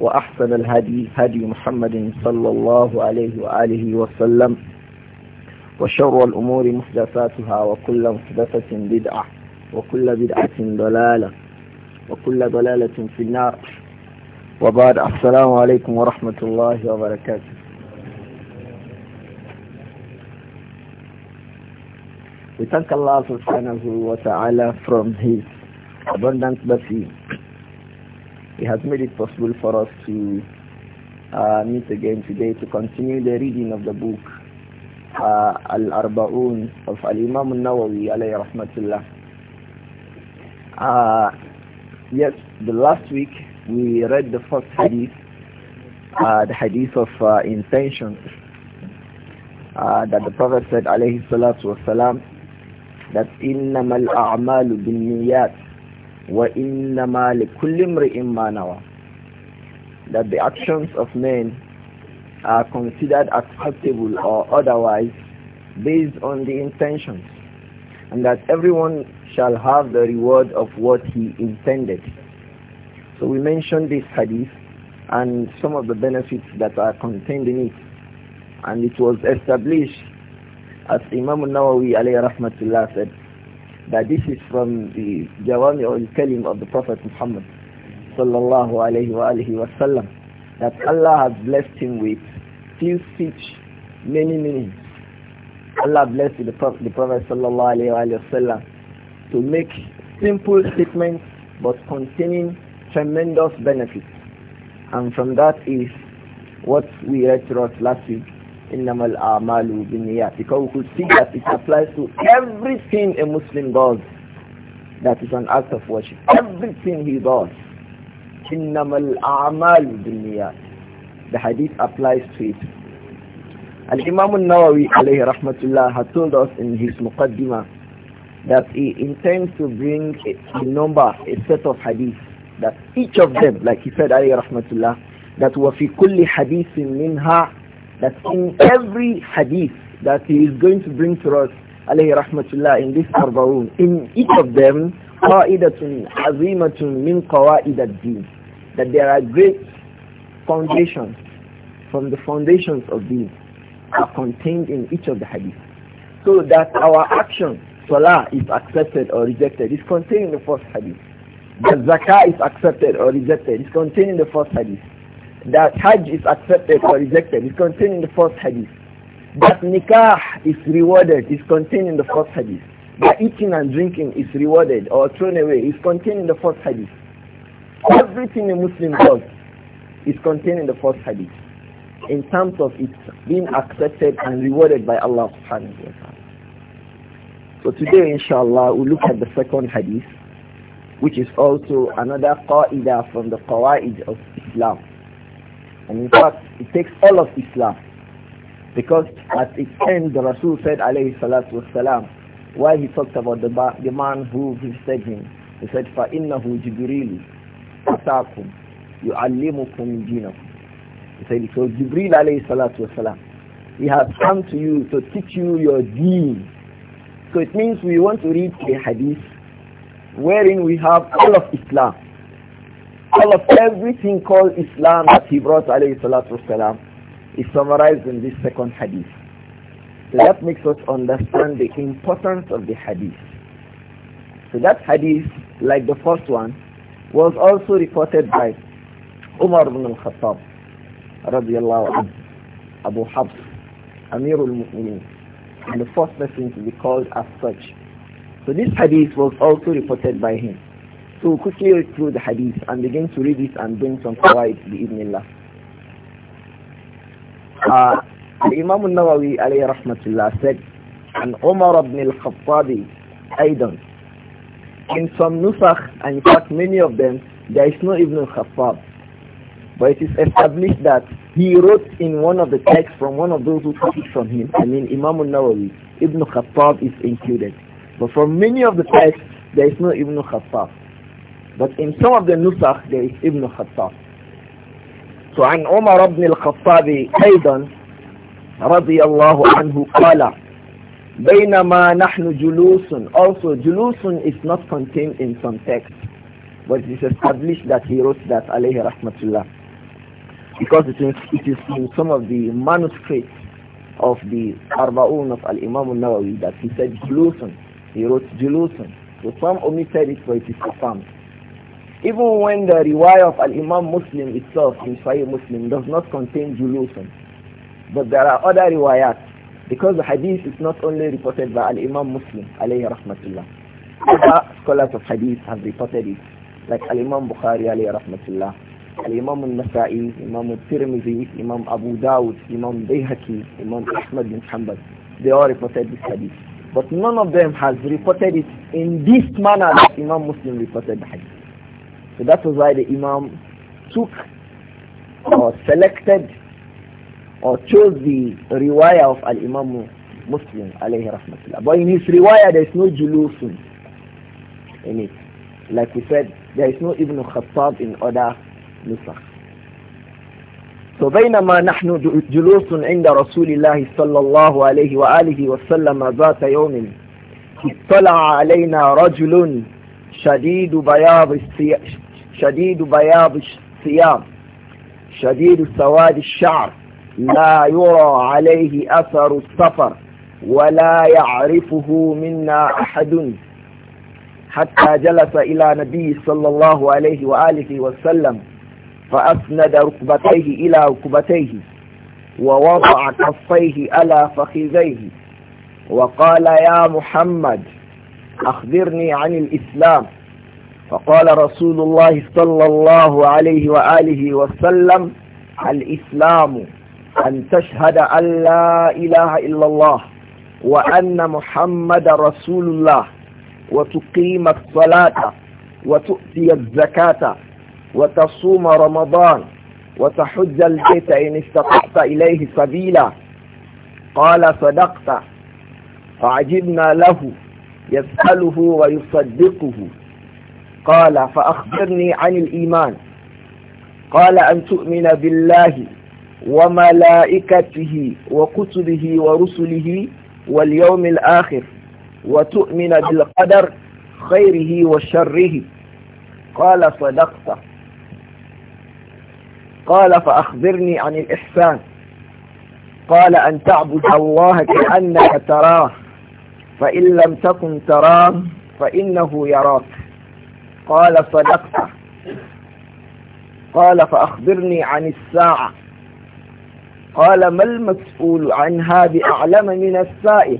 وأحسن الهدي هدي محمد صلى الله عليه وآله وسلم وشر الأمور محدثاتها وكل محدثة بدعة وكل بدعة ضلالة وكل ضلالة في النار وبعد السلام عليكم ورحمة الله وبركاته We thank Allah subhanahu wa ta'ala from His abundant mercy He has made it possible for us to uh, meet again today to continue the reading of the book uh, Al-Arba'un of Al-Imam Al-Nawawi alayhi rahmatullah. Uh, yes, the last week we read the first hadith, uh, the hadith of uh, intention uh, that the Prophet said alayhi salatu wasalam that إِنَّمَا الْأَعْمَالُ niyat وَإِنَّمَا لِكُلِّ امْرِئٍ مَّا That the actions of men are considered acceptable or otherwise based on the intentions and that everyone shall have the reward of what he intended. So we mentioned this hadith and some of the benefits that are contained in it and it was established as Imam al Nawawi alayhi rahmatullah said that this is from the Jawami al-Kalim of the Prophet Muhammad sallallahu alayhi wa alihi wasallam that Allah has blessed him with few speech, many meanings. Allah blessed the Prophet, the Prophet sallallahu alayhi wa sallam to make simple statements but containing tremendous benefits. And from that is what we read throughout us last week innamal a'malu binniyat because we could see that it applies to everything a Muslim does that is an act of worship everything he does innamal a'malu binniyat the hadith applies to it and Imam al-Nawawi alayhi rahmatullah had told us in his muqaddimah that he intends to bring a, a number a set of hadiths that each of them like he said alayhi rahmatullah that wa fi kulli hadithin minha that in every hadith that he is going to bring to us, alayhi rahmatullah, in this Arbaun, in each of them, qa'idatun azimatun min qawa'id din that there are great foundations from the foundations of deen are contained in each of the hadith. So that our action, salah, is accepted or rejected, is contained in the first hadith. That zakah is accepted or rejected, is contained in the first hadith that Hajj is accepted or rejected is contained in the first hadith. That nikah is rewarded is contained in the first hadith. That eating and drinking is rewarded or thrown away is contained in the first hadith. Everything a Muslim does is contained in the first hadith in terms of it being accepted and rewarded by Allah subhanahu wa ta'ala. So today inshallah we look at the second hadith which is also another qa'idah from the qawaid of Islam. And in fact, it takes all of Islam. Because at its end, the Rasul said, alayhi salatu wasalam, while he talked about the, the man who visited him, he said, فَإِنَّهُ جِبْرِيلُ أَتَاكُمْ يُعَلِّمُكُمْ دِينَكُمْ He said, so Jibril alayhi salatu wasalam, he has come to you to teach you your deen. So it means we want to read a hadith wherein we have all of Islam all of everything called Islam that he brought alayhi salatu salam, is summarized in this second hadith. So that makes us understand the importance of the hadith. So that hadith, like the first one, was also reported by Umar ibn al-Khattab radiallahu anhu, Abu Habs, Amir al-Mu'mineen, and the first person to be called as such. So this hadith was also reported by him. To quickly read through the hadith and begin to read it and bring some fawaid bi'idhnillah. Uh, Imam al-Nawawi alayhi rahmatullah said, and Umar ibn al-Khattabi Aidan. In some nusakh, and in fact many of them, there is no Ibn al-Khattab. But it is established that he wrote in one of the texts from one of those who copied from him, I mean Imam al-Nawawi, Ibn al-Khattab is included. But from many of the texts, there is no Ibn al-Khattab. But in some of the nusakh there is Ibn Khattab. So عن عمر بن الخطاب أيضا رضي الله عنه قال بينما نحن جلوس also جلوس is not contained in some text but it is established that he wrote that عليه رحمة الله because it is, it is in some of the manuscripts of the Arbaun of Al-Imam al-Nawawi that he said Julusun. He wrote Julusun. So some omitted it but it is confirmed. Even when the riwayah of Al-Imam Muslim itself in Sahih Muslim does not contain julusun, but there are other riwayat because the hadith is not only reported by Al-Imam Muslim alayhi rahmatullah. Other scholars of hadith have reported it like Al-Imam Bukhari alayhi rahmatullah, Al-Imam Al-Nasa'i, Imam Al-Tirmidhi, Imam Abu Dawud, Imam Bayhaqi, Imam Ahmad bin Hanbal. They all reported this hadith. But none of them has reported it in this manner that Imam Muslim reported the hadith. So that was why the Imam took or selected or chose the riwaya of Al-Imam Muslim alayhi rahmatullah. But in his riwaya, there is no julusun in it. Like we said, there is no Ibn Khattab in other nusakh. بينما نحن جلوس عند رسول الله صلى الله عليه وآله وسلم ذات يوم اطلع علينا رجل شديد بياض شديد بياض الثياب شديد سواد الشعر لا يرى عليه أثر السفر ولا يعرفه منا أحد حتى جلس إلى نبي صلى الله عليه وآله وسلم فأسند ركبتيه إلى ركبتيه ووضع كفيه على فخذيه وقال يا محمد أخبرني عن الإسلام فقال رسول الله صلى الله عليه وآله وسلم الإسلام أن تشهد أن لا إله إلا الله وأن محمد رسول الله وتقيم الصلاة وتؤتي الزكاة وتصوم رمضان وتحج البيت إن استطعت إليه سبيلا قال صدقت فعجبنا له يسأله ويصدقه قال فأخبرني عن الإيمان قال أن تؤمن بالله وملائكته وكتبه ورسله واليوم الآخر وتؤمن بالقدر خيره وشره قال صدقت قال فأخبرني عن الإحسان قال أن تعبد الله كأنك تراه فإن لم تكن تراه فإنه يراك قال صدقت قال فأخبرني عن الساعة قال ما المسؤول عنها بأعلم من السائل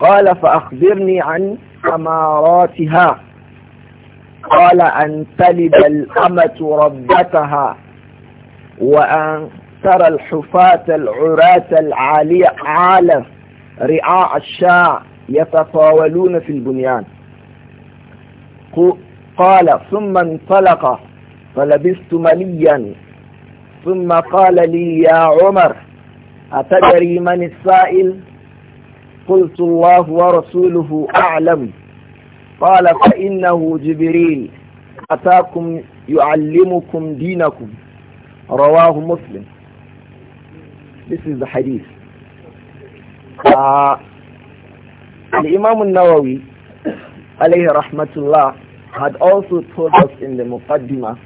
قال فأخبرني عن أماراتها قال أن تلد الأمة ربتها وأن ترى الحفاة العراة العالية عالة رعاء الشاع يتطاولون في البنيان قال ثم انطلق فلبست مليا ثم قال لي يا عمر أتدري من السائل قلت الله ورسوله أعلم قال فإنه جبريل أتاكم يعلمكم دينكم رواه مسلم This is the hadith آه، الإمام النووي عليه رحمة الله had also told us in the Muqaddimah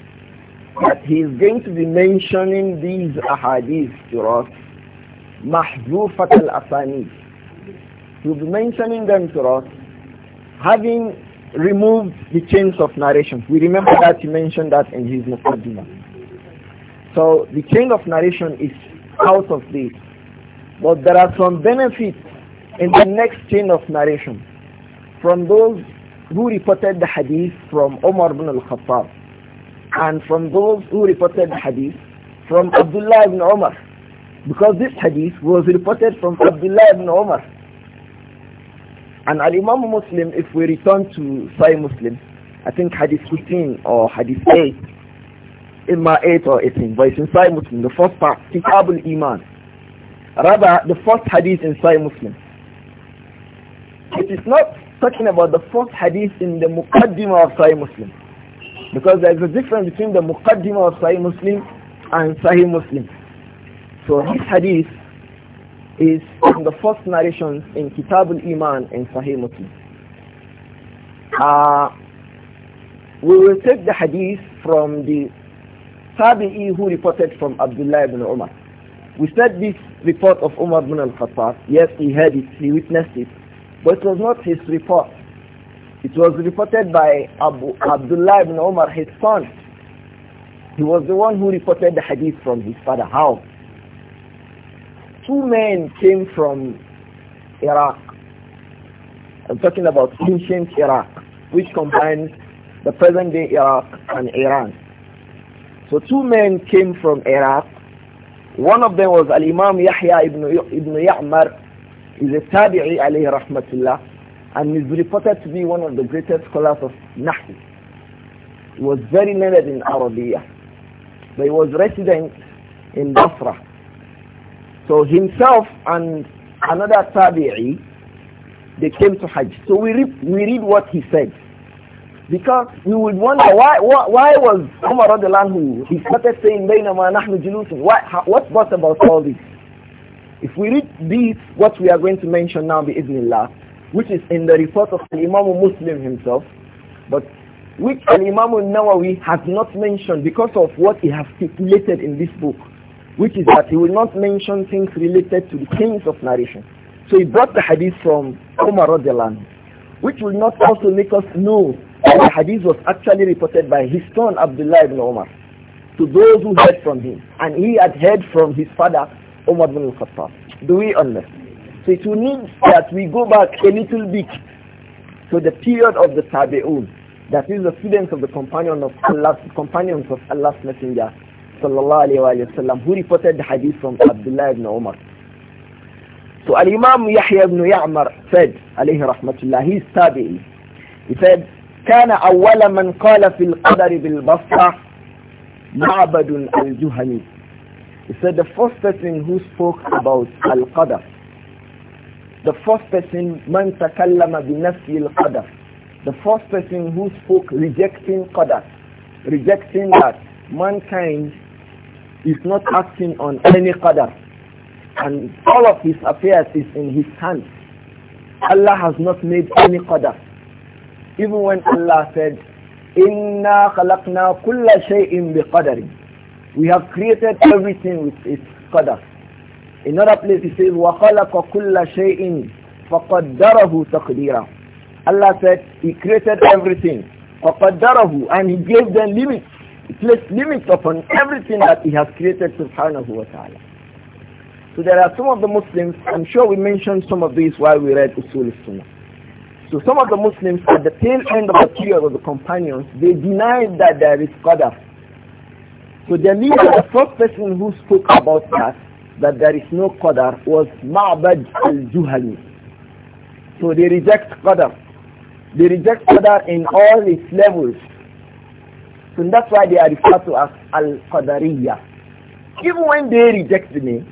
that he is going to be mentioning these ahadith to us, mahzufat al-asanid. He will be mentioning them to us, having removed the chains of narration. We remember that he mentioned that in his Muqaddimah. So the chain of narration is out of this. But there are some benefits in the next chain of narration from those who reported the hadith from Omar ibn al-Khattab and from those who reported the hadith from Abdullah ibn Omar because this hadith was reported from Abdullah ibn Omar and al-Imam Muslim if we return to Sahih Muslim I think hadith 15 or hadith 8 Imma 8 or 18 but it's in Sahih Muslim the first part Kitab al-Iman rather the first hadith in Sahih Muslim it is not talking about the first hadith in the Muqaddimah of Sahih Muslim. Because there is a difference between the Muqaddimah of Sahih Muslim and Sahih Muslim. So this hadith is from the first narrations in Kitab al-Iman in Sahih Muslim. Uh, we will take the hadith from the Tabi'i who reported from Abdullah ibn Umar. We said this report of Umar ibn al-Khattab, yes, he heard it, he witnessed it, but it was not his report. It was reported by Abu Abdullah ibn Umar, his son. He was the one who reported the hadith from his father. How? Two men came from Iraq. I'm talking about ancient Iraq, which combines the present day Iraq and Iran. So two men came from Iraq. One of them was Al-Imam Yahya ibn, ibn Ya'mar is a tabi'i alayhi rahmatullah and is reported to be one of the greatest scholars of Nahu. He was very learned in Arabia, But he was resident in Basra. So himself and another tabi'i, they came to Hajj. So we read, we read what he said. Because we would wonder why why, why was Umar who he started saying Bainama nahnu julusun. Why, how, what about all this? If we read this, what we are going to mention now, bismillah, which is in the report of Imam Muslim himself, but which Imam Nawawi has not mentioned because of what he has stipulated in this book, which is that he will not mention things related to the things of narration. So he brought the hadith from Umar Radiallahu, which will not also make us know that the hadith was actually reported by his son Abdullah ibn Umar to those who heard from him. And he had heard from his father Umar bin al-Khattab. Do we understand? So it will need that we go back a little bit to the period of the Tabi'un. That is the students of the companion of Allah, companions of Allah's Messenger sallallahu alayhi wa sallam who reported the hadith from Abdullah ibn Umar. So Al-Imam Yahya ibn Ya'mar said alayhi rahmatullah, he is Tabi'i. He said, كان أول من قال في القدر بالبصرة معبد الجهني He said the first person who spoke about al-qadar, the first person man takallama bi nafsi al-qadar, the first person who spoke rejecting qadar, rejecting that mankind is not acting on any qadar and all of his affairs is in his hands. Allah has not made any qadar. Even when Allah said, "Inna khalaqna kulla shay'in bi qadarin." We have created everything with its qadar. Another place he says, وَخَلَقَ كُلَّ شَيْءٍ فَقَدَّرَهُ تَقْدِيرًا Allah said, He created everything. فَقَدَّرَهُ And He gave them limits. He placed limits upon everything that He has created subhanahu wa ta'ala. So there are some of the Muslims, I'm sure we mentioned some of these while we read Usul Sunnah. So some of the Muslims at the tail end of the period of the companions, they denied that there is Qadar. So the leader, the first person who spoke about that, that there is no qadar, was Ma'bad al-Juhani. So they reject qadar. They reject qadar in all its levels. So that's why they are referred to as al qadariyah Even when they reject the name,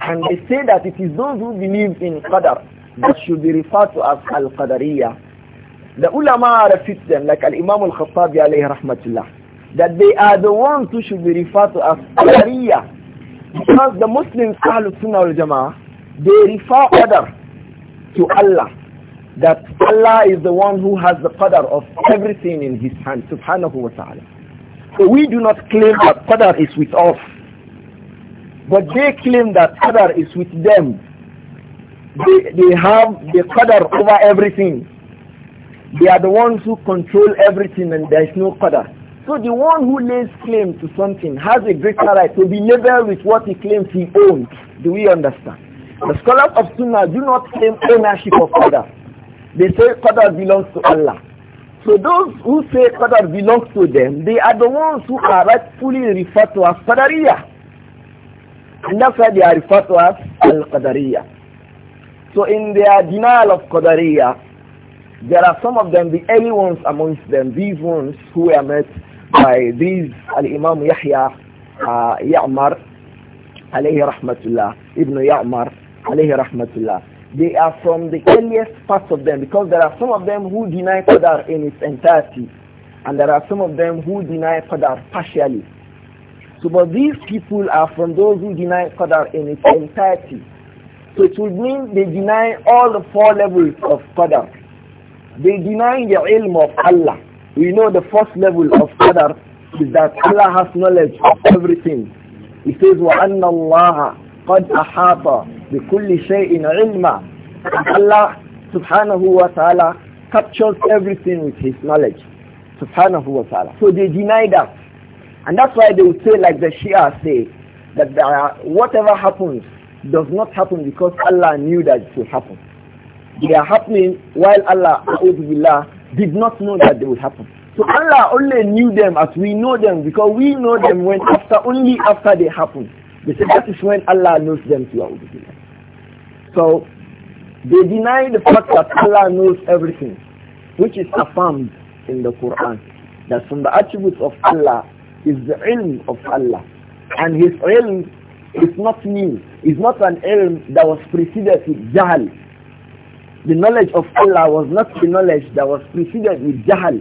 and they say that it is those who believe in qadar that should be referred to as al qadariyah The ulama refute them, like al-imam al-khattabi alayhi rahmatullah that they are the ones who should be referred to as Sharia. Because the Muslims, call Sunnah al Jama'ah, they refer order to Allah. That Allah is the one who has the qadr of everything in his hand, subhanahu wa ta'ala. So we do not claim that qadr is with us. But they claim that qadr is with them. They, they have the qadr over everything. They are the ones who control everything and there is no qadr. So the one who lays claim to something has a greater right to be labeled with what he claims he owns. Do we understand? The scholars of Sunnah do not claim ownership of Qadar. They say Qadar belongs to Allah. So those who say Qadar belongs to them, they are the ones who are rightfully referred to as Qadariya. And that's why they are referred to as Al-Qadariya. So in their denial of Qadariya, there are some of them, the early ones amongst them, these ones who were met by these Al-Imam Yahya uh, Ya'mar alayhi rahmatullah, Ibn Ya'mar alayhi rahmatullah. They are from the earliest parts of them because there are some of them who deny Qadar in its entirety and there are some of them who deny Qadar partially. So but these people are from those who deny Qadar in its entirety. So it would mean they deny all the four levels of Qadar. They deny the ilm of Allah. We know the first level of qadar is that Allah has knowledge of everything. He says, وَأَنَّ اللَّهَ قَدْ أَحَاطَ بِكُلِّ شَيْءٍ عِلْمًا Allah subhanahu wa ta'ala captures everything with his knowledge. Subhanahu wa ta'ala. So they deny that. And that's why they would say like the Shia say, that uh, whatever happens does not happen because Allah knew that it will happen. They are happening while Allah, billah, did not know that they would happen. So Allah only knew them as we know them because we know them when after only after they happen. They said that is when Allah knows them to So they deny the fact that Allah knows everything, which is affirmed in the Quran. That from the attributes of Allah is the ilm of Allah. And his ilm is not new. It's not an ilm that was preceded with jahl. The knowledge of Allah was not the knowledge that was preceded with Jahal,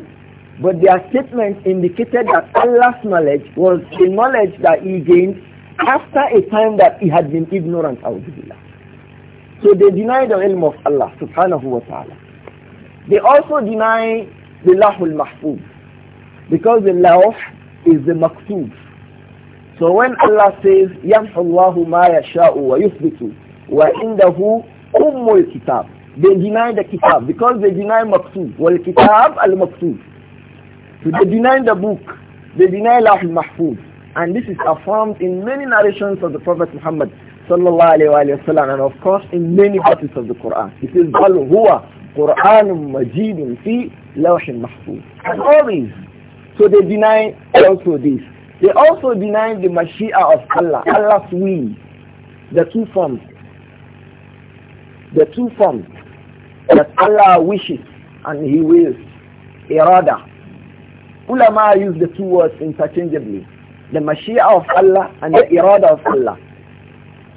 but their statement indicated that Allah's knowledge was the knowledge that he gained after a time that he had been ignorant of Allah. So they deny the ilm of Allah subhanahu wa ta'ala. They also deny the lahul mahfuz because the lawh is the maktub. So when Allah says, يَمْحُ اللَّهُ مَا يَشَاءُ وَيُثْبِتُ وَإِنْدَهُ أُمُّ الْكِتَابِ they deny the kitab because they deny maqsood. Wal kitab al maqsood. So they deny the book. They deny Lahul Mahfuz. And this is affirmed in many narrations of the Prophet Muhammad sallallahu alayhi wa sallam and of course in many verses of the Quran. It says, بَلْ Quran قُرْآنٌ مَجِيدٌ فِي لَوْحٍ مَحْفُوظٍ And all these. So they deny also this. They also deny the Mashia of Allah, Allah's will, the two forms. The two forms that Allah wishes and He wills. Irada. Ulama use the two words interchangeably. The Mashia of Allah and the Irada of Allah.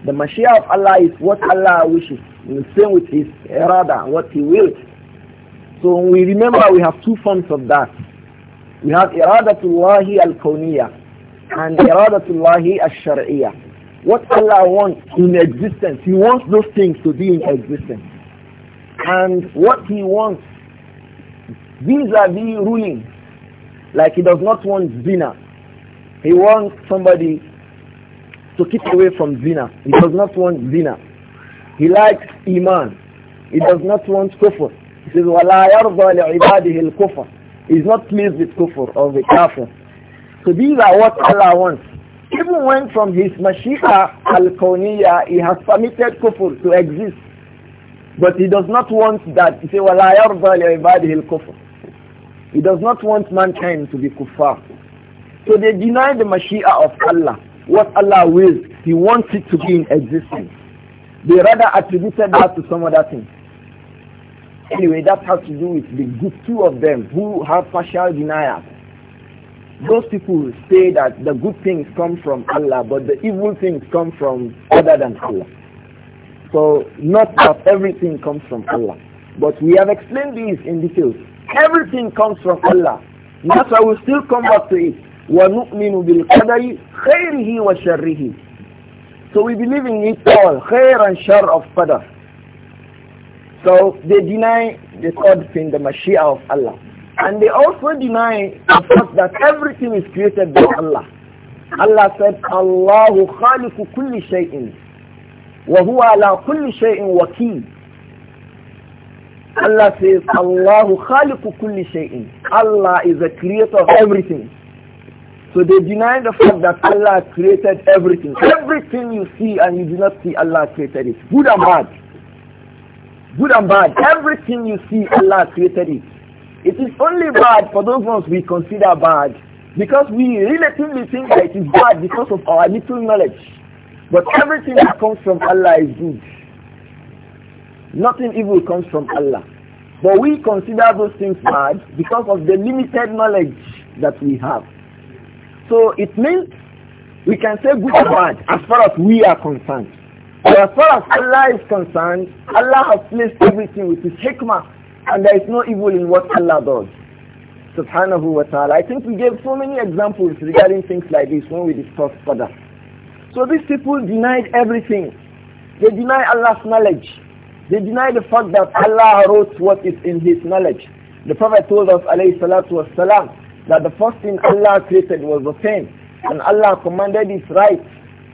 The Mashia of Allah is what Allah wishes. in the same with His Irada, what He wills. So we remember we have two forms of that. We have Iradatullahi al-Kawniyah and Iradatullahi al-Shar'iyah. What Allah wants in existence, He wants those things to be in existence and what he wants vis-a-vis ruling. Like he does not want zina. He wants somebody to keep away from zina. He does not want zina. He likes iman. He does not want kufr. He says, وَلَا يَرْضَى لِعِبَادِهِ الْكُفْرِ He is not pleased with kufr or the kafir. So these are what Allah wants. Even when from his mashika al-kawniyya, he has permitted kufr to exist. But he does not want that. He say, وَلَا يَرْضَى لِعِبَادِهِ الْكُفْرِ He does not want mankind to be kuffar. So they deny the Mashiah of Allah. What Allah wills, He wants it to be in existence. They rather attributed that to some other thing. Anyway, that has to do with the good two of them who have partial denial. Those people say that the good things come from Allah, but the evil things come from other than Allah. So not that everything comes from Allah. But we have explained this in detail. Everything comes from Allah. That's why we still come back to it. وَنُؤْمِنُ بِالْقَدَرِ خَيْرِهِ وَشَرِّهِ So we believe in it all, khair and shar of Qadr. So they deny the third thing, the Mashiach of Allah. And they also deny the fact that everything is created by Allah. Allah said, Allahu khaliqu kulli shay'in. وَهُوَ عَلَى كُلِّ شَيْءٍ وَكِيلٌ Allah says, Allahu khaliqu kulli shay'in. Allah is the creator of everything. So they deny the fact that Allah created everything. Everything you see and you do not see, Allah created it. Good and bad. Good and bad. Everything you see, Allah created it. It is only bad for those ones we consider bad because we relatively think that it is bad because of our little knowledge. But everything that comes from Allah is good. Nothing evil comes from Allah. But we consider those things bad because of the limited knowledge that we have. So it means we can say good or bad as far as we are concerned. But as far as Allah is concerned, Allah has placed everything with his hikmah and there is no evil in what Allah does. Subhanahu wa ta'ala. I think we gave so many examples regarding things like this when we discussed further. So these people denied everything. They deny Allah's knowledge. They deny the fact that Allah wrote what is in his knowledge. The Prophet told us alayhi salatu wasalam that the first thing Allah created was the pen and Allah commanded his right.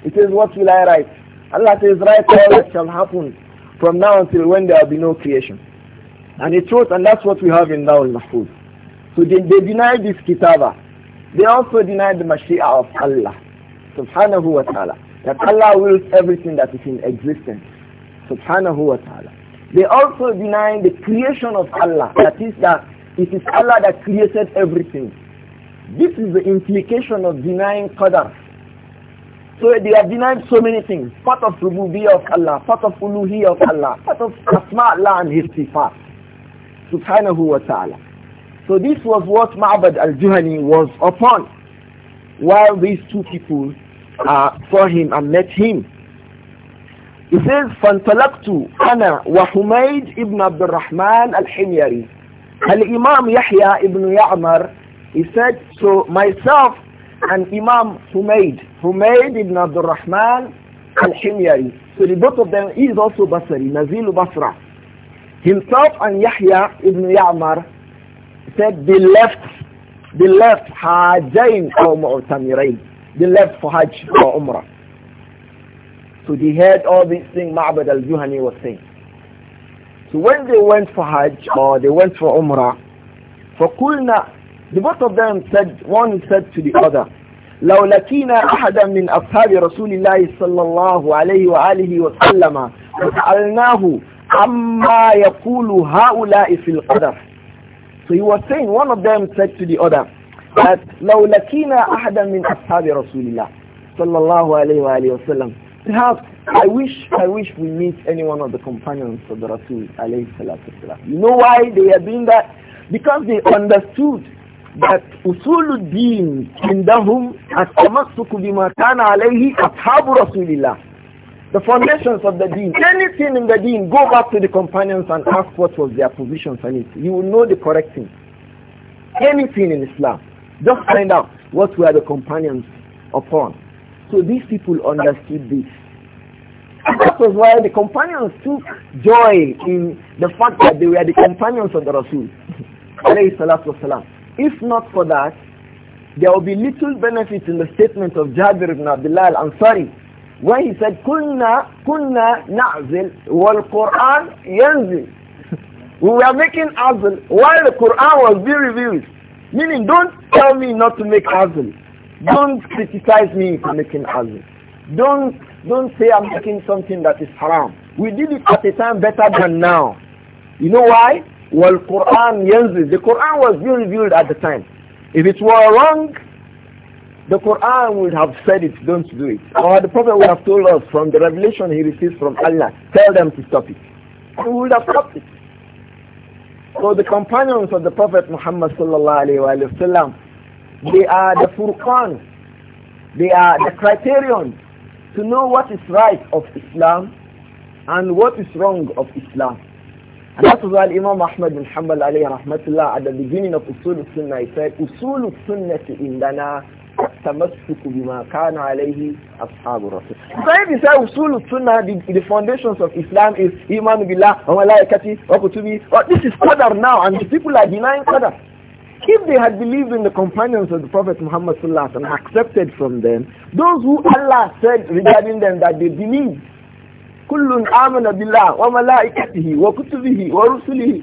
It says, what will I write? Allah says, write all that shall happen from now until when there will be no creation. And it wrote, and that's what we have in Dawul Mahfuz. So they, they denied this kitabah. They also denied the Mashiah of Allah subhanahu wa ta'ala. That Allah wills everything that is in existence. Subhanahu wa ta'ala. They also deny the creation of Allah. That is that it is Allah that created everything. This is the implication of denying Qadar. So they have denied so many things. Part of Rububiyyah of Allah, part of Uluhiyyah of Allah, part of Asma Allah and His Sifat. Subhanahu wa ta'ala. So this was what Ma'bad al-Juhani was upon. While these two people uh, saw him and met him. He says, فَانْتَلَقْتُ أنا وحميد ابن عبد الرحمن الحميري al يَحْيَى Yahya ibn Ya'mar, he said, so myself and Imam Humaid, Humaid ibn Abdul Rahman al-Himyari. So the both of them, he is also Basri, Nazil Basra. Himself and Yahya ibn Ya'mar said, they left, they left Hajain or Mu'tamirain. They left for Hajj or Umrah. So they heard all these things Ma'bad al-Juhani was saying. So when they went for Hajj or they went for Umrah, for Kulna, the both of them said, one said to the other, لو لقينا أحدا من أصحاب رسول الله صلى الله عليه وآله وسلم وسألناه عما يقول هؤلاء في القدر. So he was saying, one of them said to the other, that لو لكينا أحدا من أصحاب رسول الله صلى الله عليه وآله وسلم perhaps I wish I wish we meet any one of the companions of the Rasul alayhi salatu You know why they are doing that? Because they understood that usululdeen in indahum at-tamassuk bima kana alayhi ashabu rasulillah the foundations of the deen anything in the deen go back to the companions and ask what was their position on it you will know the correct thing anything in islam just find out what were the companions upon. So these people understood this. that was why the companions took joy in the fact that they were the companions of the Rasul. if not for that, there will be little benefit in the statement of Jabir ibn Abdullah al-Ansari when he said, Kunna, kunna na'zil wal Quran yanzil. we were making azil while the Quran was being revealed. Meaning, don't tell me not to make azul. Don't criticize me for making azul. Don't, don't say I'm making something that is haram. We did it at a time better than now. You know why? Well, Quran yanzil. The Quran was being revealed at the time. If it were wrong, the Quran would have said it, don't do it. Or the Prophet would have told us from the revelation he received from Allah, tell them to stop it. We would have stopped it. So the companions of the Prophet Muhammad sallallahu wasallam, they are the furqan, they are the criterion to know what is right of Islam and what is wrong of Islam. And that is why Imam Ahmad bin Hanbal alayhi rahmatullah at the beginning of Usul al-Sunnah, he said, Usul al-Sunnah indana التمسك بما كان عليه أصحاب الرسول. So if you say usul the, foundations of Islam is iman billah, wa malaikati, wa kutubi, this is qadar now and the people are denying qadar. If they had believed in the companions of the Prophet Muhammad sallallahu alaihi and accepted from them, those who Allah said regarding them that they believe, كل آمن بالله وملائكته وكتبه ورسله.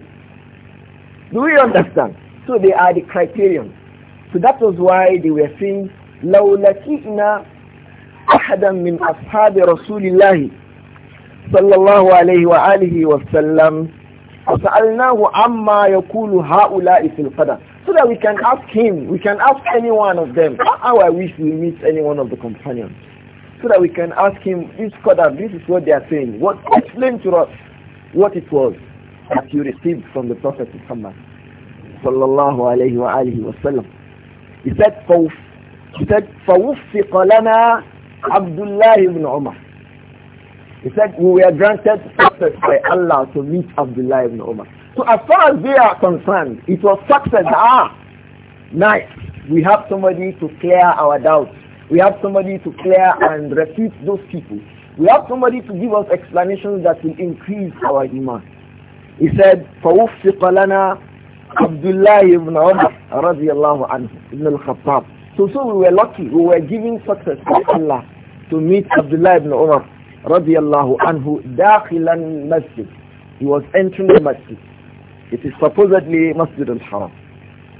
Do we understand? So they are the criterion. So that was why they were saying, لَوْ لَكِئْنَا أَحَدًا مِنْ أَصْحَابِ رَسُولِ اللَّهِ صلى الله عليه وآله وسلم فسألناه عما يقول هؤلاء في القدر so that we can ask him, we can ask any one of them. How I wish we meet any one of the companions. So that we can ask him, this Qadar, this is what they are saying. What explain to us what it was that you received from the Prophet Muhammad. Sallallahu alayhi wa alihi wa sallam. He said, فوف. He said, فَوُفِّقَ لَنَا عَبْدُ اللَّهِ ibn Umar. He said, we were granted success by Allah to meet Abdullah ibn Umar. So as far as they are concerned, it was success. Ah, nice. We have somebody to clear our doubts. We have somebody to clear and refute those people. We have somebody to give us explanations that will increase our iman. He said, فَوُفِّقَ لَنَا Abdullah ibn Umar radiallahu anhu ibn al-Khattab. So, so we were lucky, we were giving success to Allah to meet Abdullah ibn Umar radiallahu anhu dakhilan masjid. He was entering the masjid. It is supposedly Masjid al-Haram.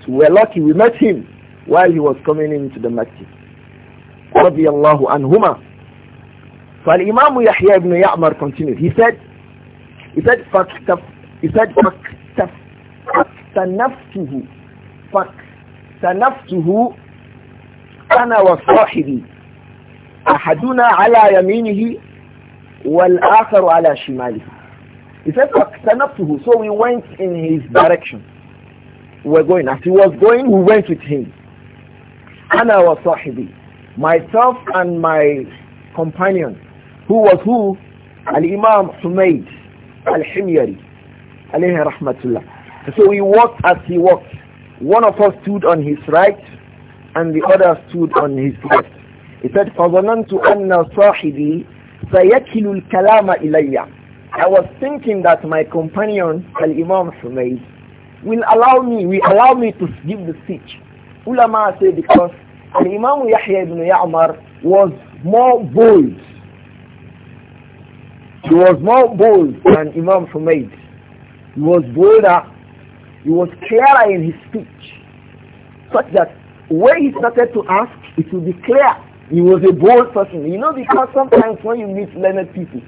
So we were lucky, we met him while he was coming into the masjid. Radiallahu anhuma. فالإمام يحيى بن يعمر continued. He said, he said, فاكتف, he said, فاكتف, فاكتنفته فاكتنفته أنا وصاحبي أحدنا على يمينه والآخر على شماله He said فاكتنفته So we went in his direction We are going as he was going we went with him أنا وصاحبي Myself and my companion who was who Al-Imam Humayd Al-Himyari alayhi rahmatullah so he walked as he walked. One of us stood on his right and the other stood on his left. He said, فَظَنَنْتُ أَنَّ صَاحِبِي سَيَكِلُ الْكَلَامَ إِلَيَّ I was thinking that my companion, Al-Imam Humayz, will allow me, will allow me to give the speech. Ulama say because Al-Imam Yahya ibn Ya'mar was more bold. He was more bold than Imam Humayz. He was bolder he was clearer in his speech, such that when he started to ask, it would be clear. He was a bold person. You know, because sometimes when you meet learned people,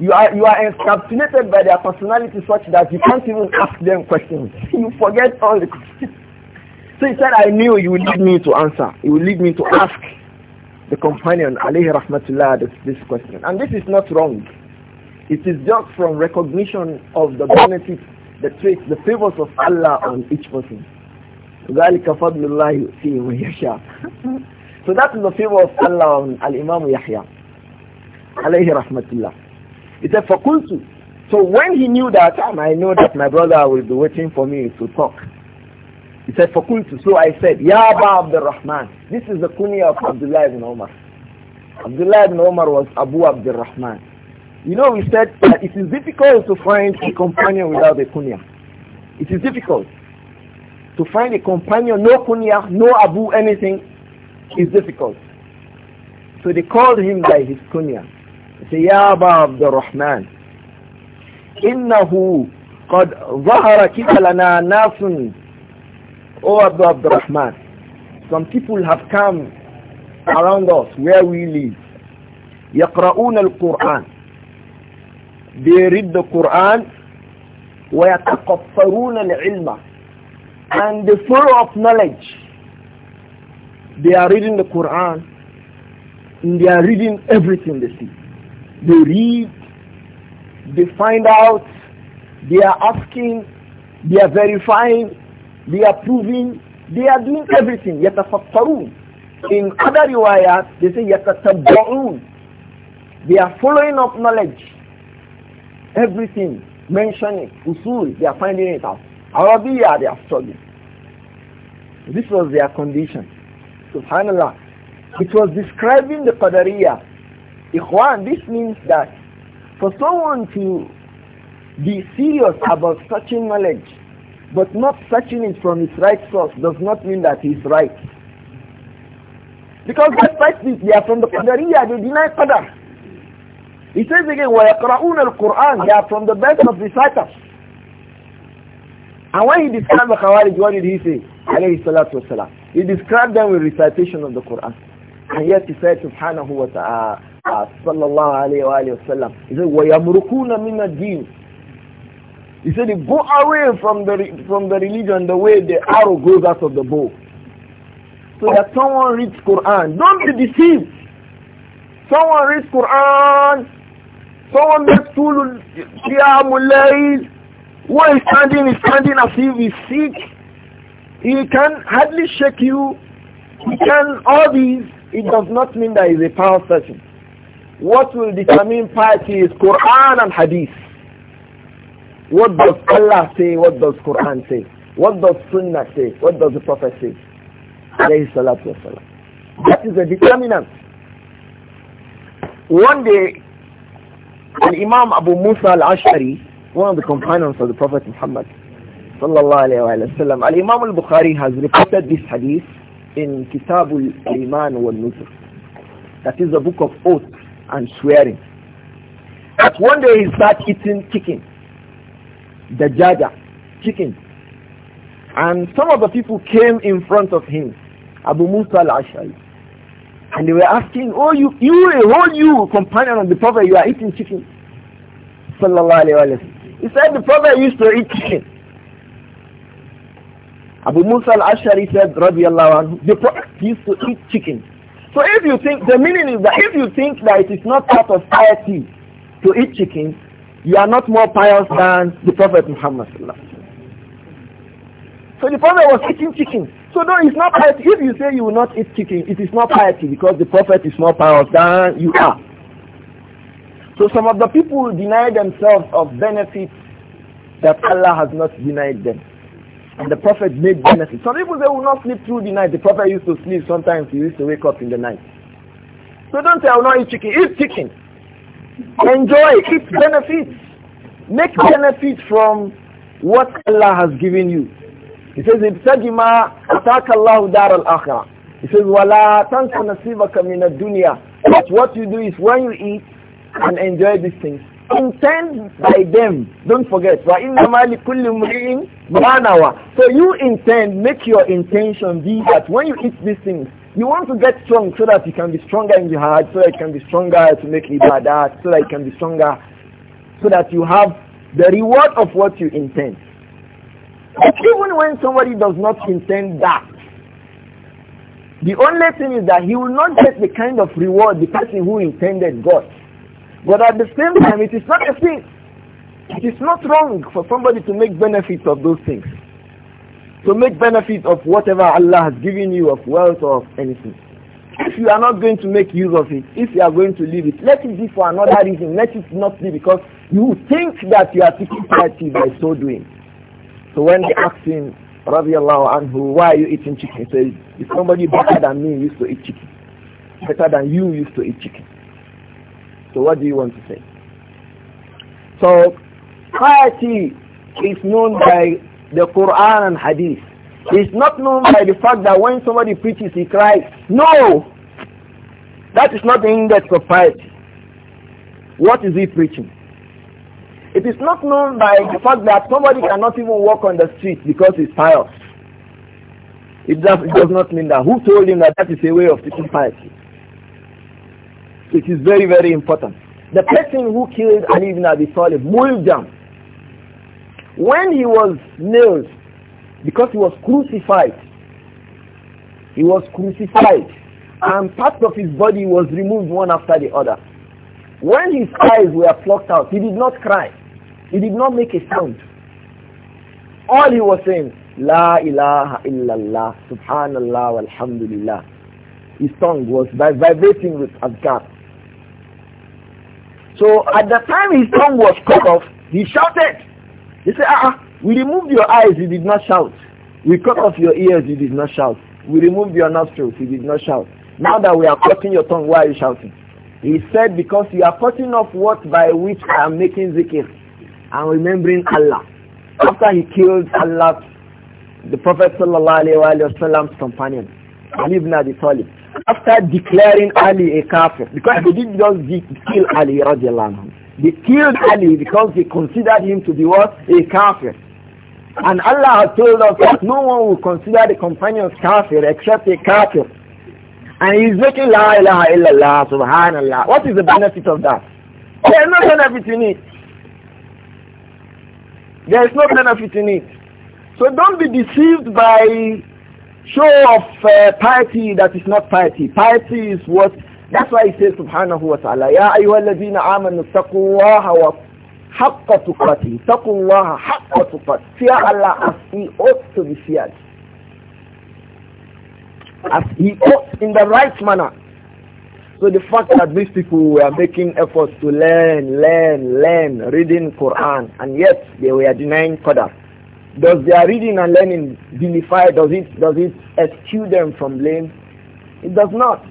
you are you are encapsulated by their personality such that you can't even ask them questions. you forget all the questions. So he said, I knew you would lead me to answer. You would lead me to ask the companion, alayhi rahmatullah, this, this question. And this is not wrong. It is just from recognition of the benefit the traits, the favors of Allah on each person. So that is the favor of Allah on Al-Imam Yahya. Alayhi rahmatullah. He said, فَقُلْتُ So when he knew that, ah, I know that my brother will be waiting for me to talk. He said, فَقُلْتُ So I said, Ya Aba Abdurrahman. This is the kunya of Abdullah ibn Umar. Abdullah ibn Umar was Abu Rahman. You know, we said that it is difficult to find a companion without a kunya. It is difficult to find a companion, no kunya, no abu, anything is difficult. So they called him by his kunya. They say, Ya Inna Abdurrahman, إنه قد ظهر كفلنا ناس O Abu Abdurrahman, some people have come around us where we live. يقرؤون القرآن they read the Quran وَيَتَقَفَّرُونَ الْعِلْمَ And the flow of knowledge. They are reading the Quran and they are reading everything they see. They read, they find out, they are asking, they are verifying, they are proving, they are doing everything. يَتَفَكَّرُونَ In other riwayat, they say يَتَتَبَّعُونَ They are following up knowledge. Everything, mentioning, usul, they are finding it out. Arabiya, they are struggling. This was their condition. Subhanallah. It was describing the Qadariya. Ikhwan, this means that for someone to be serious about searching knowledge, but not searching it from its right source does not mean that he's right. Because despite this, they are from the Qadariya, they deny Qadar. He says again, وَيَقْرَؤُونَ الْقُرْآنِ They are from the best of reciters. And when he described the Khawarij, what did he say? Alayhi salatu wasalam. He described them with recitation of the Quran. And yet he said, subhanahu wa ta'ala, sallallahu alayhi wa alayhi he said, وَيَمْرُكُونَ مِنَ الدِّينِ He said, they go away from the, from the religion the way the arrow goes out of the bow. So that someone reads Quran. Don't be deceived. Someone reads Quran Someone makes full Qiyamulail. Who is standing is standing as if he's sick. He can hardly shake you. He can all these. It does not mean that he's a power person. What will determine piety is Quran and Hadith. What does Allah say? What does Quran say? What does Sunnah say? What does the Prophet say? That is the determinant. One day, and Imam Abu Musa al-Ash'ari, one of the companions of the Prophet Muhammad, sallallahu alayhi wa sallam, al-Imam al-Bukhari has reported this hadith in Kitab al-Iman wal-Nusr. That is the book of oath and swearing. That one day he started eating chicken, the jaja, chicken. And some of the people came in front of him, Abu Musa al-Ash'ari. And they were asking, oh you, you, oh you, companion of the Prophet, you are eating chicken. Sallallahu alayhi wa He said the Prophet used to eat chicken. Abu Musa al-Ashari said, radiallahu anhu, the Prophet used to eat chicken. So if you think, the meaning is that if you think that it is not part of piety to eat chicken, you are not more pious than the Prophet Muhammad So the Prophet was eating chicken. So no, it's not piety. If you say you will not eat chicken, it is not piety because the prophet is more pious than you are. So some of the people deny themselves of benefits that Allah has not denied them. And the prophet made benefits. Some people they will not sleep through the night. The prophet used to sleep. Sometimes he used to wake up in the night. So don't say I will not eat chicken. Eat chicken. Enjoy. Eat benefits. Make benefit from what Allah has given you. He says, ابتغم أتاك الله دار الآخرة. He says, ولا تنس نصيبك من الدنيا. But what you do is when you eat and enjoy these things, intend by them. Don't forget. وَإِنَّمَا لِكُلِّ مُرِئٍ مَعْنَوَى So you intend, make your intention be that when you eat these things, you want to get strong so that you can be stronger in your heart, so that you can be stronger to make ibadat, so that you can be stronger, so that you have the reward of what you intend. But even when somebody does not intend that, the only thing is that he will not get the kind of reward the person who intended got. But at the same time, it is not a thing. It is not wrong for somebody to make benefit of those things. To make benefit of whatever Allah has given you of wealth or of anything. If you are not going to make use of it, if you are going to leave it, let it be for another reason. Let it not be because you think that you are taking piety by so doing. So when they asked him, radiallahu anhu, why are you eating chicken? He said, if somebody better than me used to eat chicken, better than you used to eat chicken. So what do you want to say? So piety is known by the Quran and Hadith. It's not known by the fact that when somebody preaches, he cries, no! That is not the index of piety. What is he preaching? It is not known by the fact that somebody cannot even walk on the street because he's pious. It does, it does not mean that. Who told him that that is a way of teaching piety? It is very, very important. The person who killed Ali ibn Abi Talib, Muljam, when he was nailed, because he was crucified, he was crucified, and parts of his body was removed one after the other. When his eyes were plucked out, he did not cry. He did not make a sound. All he was saying, La ilaha illallah, subhanallah, alhamdulillah. His tongue was vibrating with adhkar. So at the time his tongue was cut off, he shouted. He said, ah, uh -uh, we removed your eyes, you did not shout. We cut off your ears, you did not shout. We removed your nostrils, you did not shout. Now that we are cutting your tongue, why are you shouting? He said, because you are cutting off what by which I am making zikr and remembering Allah. After he killed Allah, the Prophet wasallam's companion, Ali ibn Abi Talib, after declaring Ali a kafir, because they didn't just kill Ali radiallahu they killed Ali because they considered him to be what? A kafir. And Allah has told us that no one will consider the companions kafir except a kafir. And he's making la ilaha illallah subhanallah. What is the benefit of that? There's no benefit in it. There is no benefit in it. So don't be deceived by show of uh, piety that is not piety. Piety is what, that's why he says subhanahu wa ta'ala, Ya أَيُّهَا الَّذِينَ آمَنُوا اتَّقُوا Wa حَقَّ تُقَاتِهِ اتَّقُوا اللَّهَ Fear Allah as he ought to be feared. As he ought in the right manner. So the fact that these people were making efforts to learn, learn, learn, reading Quran, and yet they were denying Qadar. Does their reading and learning vilify, does it, does it eschew them from blame? It does not.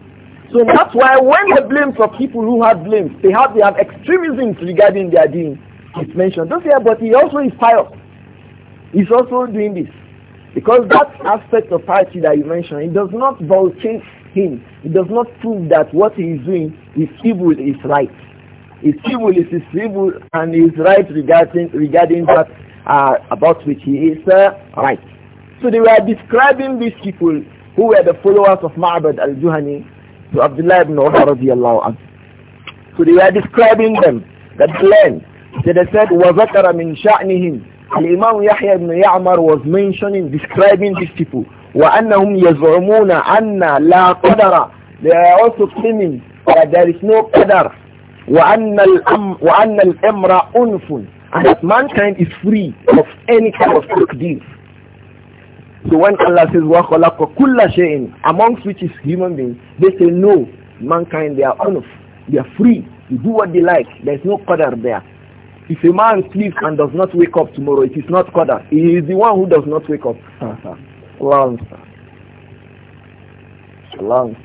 So that's why when the blame for people who have blame, they have, they have extremisms regarding their deen, it's mentioned. Don't say, but he also is pious. He's also doing this. Because that aspect of piety that you mentioned, it does not change him. It does not prove that what he is doing is evil is right. His evil is his evil and is right regarding regarding that uh, about which he is uh, right. So they were describing these people who were the followers of Ma'bad al-Juhani to Abdullah ibn Umar So they were describing them, that plan. So they said, وَذَكَرَ مِنْ شَأْنِهِمْ Al-Imam Yahya ibn Ya'mar was mentioning, describing these people. وأنهم يزعمون أن لا قدر They are also claiming that there is no qadar وأن وأن الأمر أنف mankind is free of any kind of taqdeer. So when Allah says wa وَخَلَقَ كُلَّ shayin, amongst which is human beings, they say no, mankind they are unf, they are free, they do what they like, there is no qadar there. If a man sleeps and does not wake up tomorrow, it is not qadar. He is the one who does not wake up. Long Long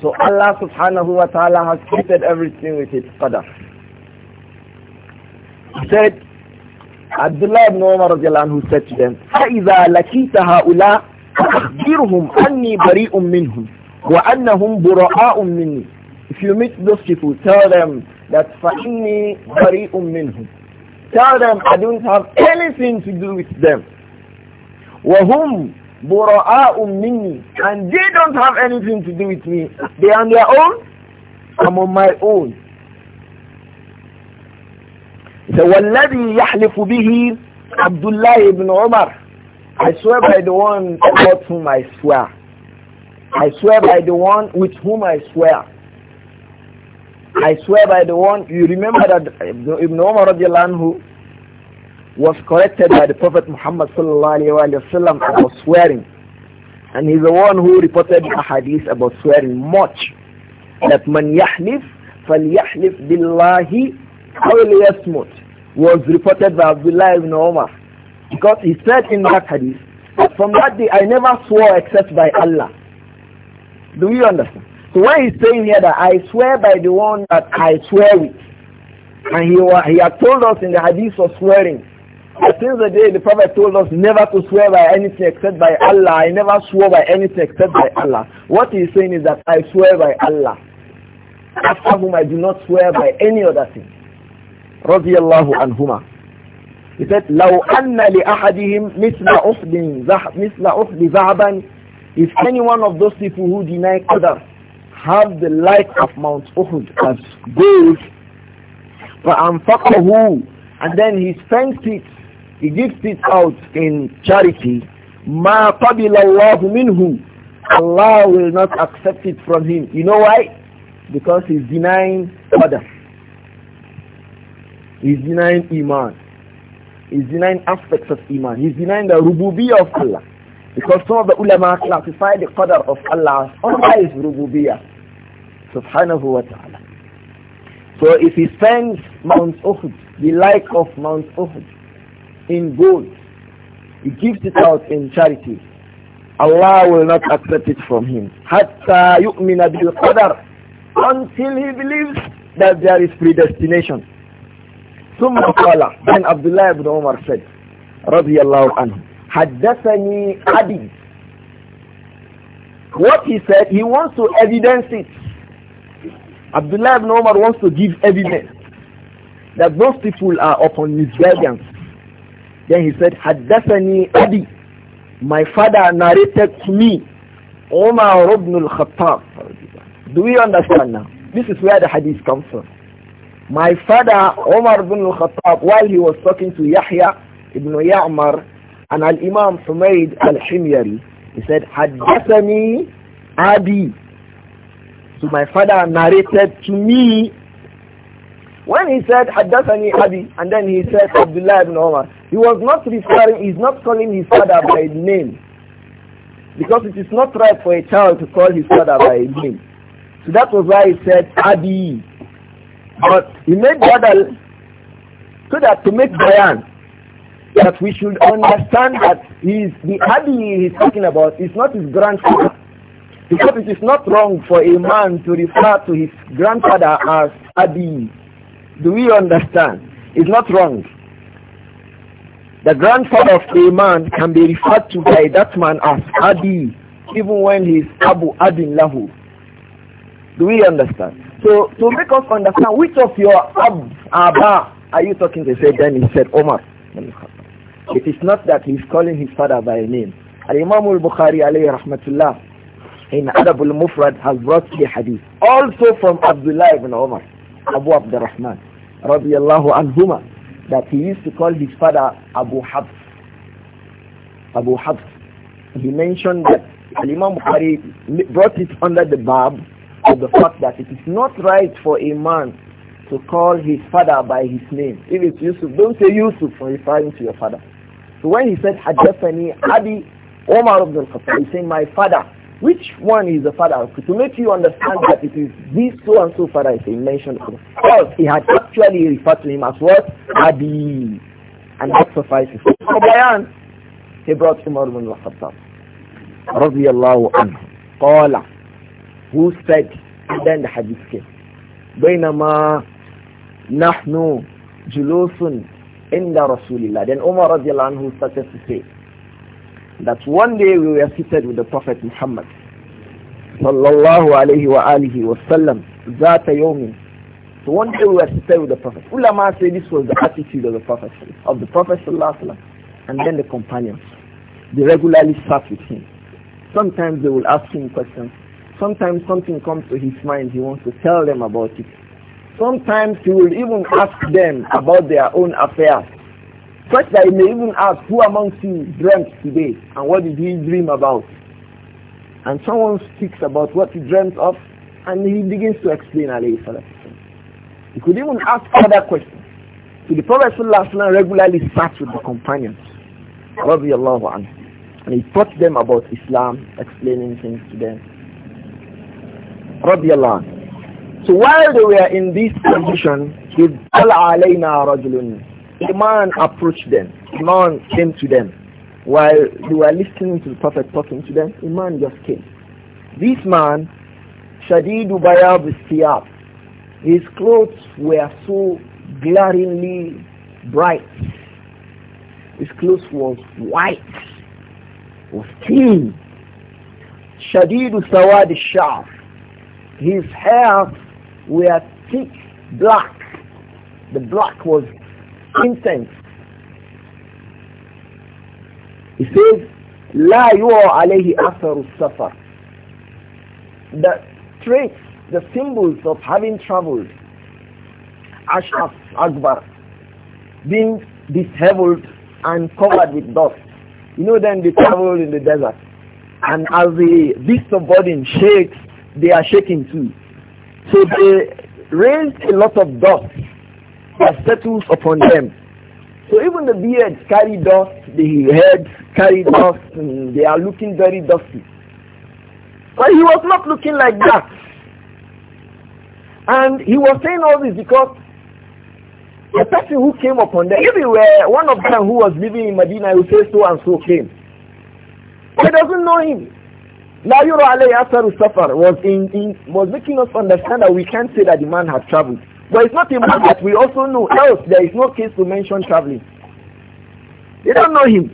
So Allah subhanahu wa ta'ala has treated everything with its qadar. He said, Abdullah ibn Umar who said to them, فَإِذَا لَكِيتَ هَؤُلَاءَ فَأَخْبِرْهُمْ أَنِّي بَرِيءٌ مِّنْهُمْ وَأَنَّهُمْ بُرَآءٌ مِّنِّي If you meet those people, tell them that فَإِنِّي بَرِيءٌ مِّنْهُمْ Tell them I don't have anything to do with them. وَهُمْ بُرَآءٌ مِنِّي And they don't have anything to do with me. They are on their own. I'm on my own. So وَالَّذِي يَحْلِفُ Abdullah ibn Umar. I swear by the one with whom I swear. I swear by the one with whom I swear. I swear by the one, you remember that Ibn Umar radiallahu anhu, was corrected by the Prophet Muhammad وسلم about swearing. And he's the one who reported a hadith about swearing much. That man yahlif falyahlif billahi aw liyasmut was reported by Abdullah ibn Umar. Because he said in that hadith, from that day I never swore except by Allah. Do you understand? So when he's saying here that I swear by the one that I swear with, and he, he had told us in the hadith of swearing since the day the Prophet told us never to swear by anything except by Allah, I never swore by anything except by Allah. What he is saying is that I swear by Allah. After whom I do not swear by any other thing. Radiallahu anhuma. He said, لو أن لأحدهم مثل أحد مثل أحد ذهبا If any one of those people who deny Qadr have the like of Mount Uhud as gold, فأنفقه and then he spent it he gives it out in charity. Ma qabila minhu. Allah will not accept it from him. You know why? Because he's denying qadar. He's denying iman. He's denying aspects of iman. He's denying the rububiyyah of Allah. Because some of the ulama classify the qadar of Allah as Allah is rububiyyah. Subhanahu wa ta'ala. So if he sends Mount Uhud, the like of Mount Uhud, in gold. He gives it out in charity. Allah will not accept it from him. Hatta yu'mina bil qadar. Until he believes that there is predestination. ثم قال عن عبد الله بن said رضي الله عنه what he said he wants to evidence it Abdullah ibn Umar wants to give evidence that those people are upon misguidance then he said, Haddathani Abi. My father narrated to me, Umar ibn al-Khattab. Do we understand now? This is where the hadith comes from. My father, Umar ibn al-Khattab, while he was talking to Yahya ibn Ya'mar and al-Imam Humayd al-Himyari, he said, Haddathani Abi. So my father narrated to me when he said Haddathani Abi and then he said Abdullah ibn Umar, he was not referring, he's not calling his father by name. Because it is not right for a child to call his father by name. So that was why he said Abi. But he made other so that to make Bayan that we should understand that the Abi he's talking about is not his grandfather. Because it is not wrong for a man to refer to his grandfather as Abi. Do we understand? It's not wrong. The grandfather of a man can be referred to by that man as Abi, even when he is Abu Abin Lahu. Do we understand? So to make us understand which of your Ab, Abba are you talking to? Say then he said Omar. It is not that he is calling his father by name. Al-Imam al-Bukhari alayhi rahmatullah in Adab al-Mufrad has brought the hadith. Also from Abdullah ibn Omar, Abu Abdurrahman, radiyallahu anhumah that he used to call his father Abu Habs. Abu Habs. He mentioned that Imam Bukhari brought it under the bab of the fact that it is not right for a man to call his father by his name. If it's Yusuf, don't say Yusuf when referring to your father. So when he said, Hadjafani Abi Omar ibn al-Khattab, he said, my father, which one is the father? To make you understand that it is this so and so father is mentioned mention of course he had actually referred to him as what? Abi. And that suffices. For Bayan, he brought him Umar ibn al-Khattab. رضي الله عنه قال who said and then the hadith came بينما نحن جلوس عند رسول الله then Umar رضي الله عنه started to say that one day we were seated with the Prophet Muhammad sallallahu alayhi wa alihi wa sallam so one day we were seated with the Prophet ulama say this was the attitude of the Prophet of the Prophet sallallahu alayhi wa and then the companions they regularly sat with him sometimes they will ask him questions sometimes something comes to his mind he wants to tell them about it sometimes he will even ask them about their own affairs such that he may even ask, who amongst you dreamt today and what did he dream about? And someone speaks about what he dreamt of and he begins to explain alayhi salatu He could even ask other questions. So the Prophet ﷺ regularly sat with the companions radiallahu anhu and he taught them about Islam, explaining things to them radiallahu anhu. So while they were in this condition, he قال علينا رجل a man approached them. A man came to them. While they were listening to the Prophet talking to them, a man just came. This man, Shadid Bayab Siyab, his clothes were so glaringly bright. His clothes was white, was clean. Shadid Sawad Shaf, his hair were thick black. The black was incense. He says, La yu'a alayhi atharu safar. The traits, the symbols of having traveled, Ashaf Akbar, being disheveled and covered with dust. You know then they traveled in the desert. And as the beast of burden shakes, they are shaking too. So they raised a lot of dust that settles upon them. So even the beards carry dust, the heads carry dust, they are looking very dusty. But he was not looking like that. And he was saying all this because the person who came upon them, if were one of them who was living in Medina, he says so and so came. He doesn't know him. La Yuro Alayhi Asaru Safar was, in, in, was making us understand that we can't say that the man had traveled. But it's not man that we also know. Else, there is no case to mention traveling. They don't know him.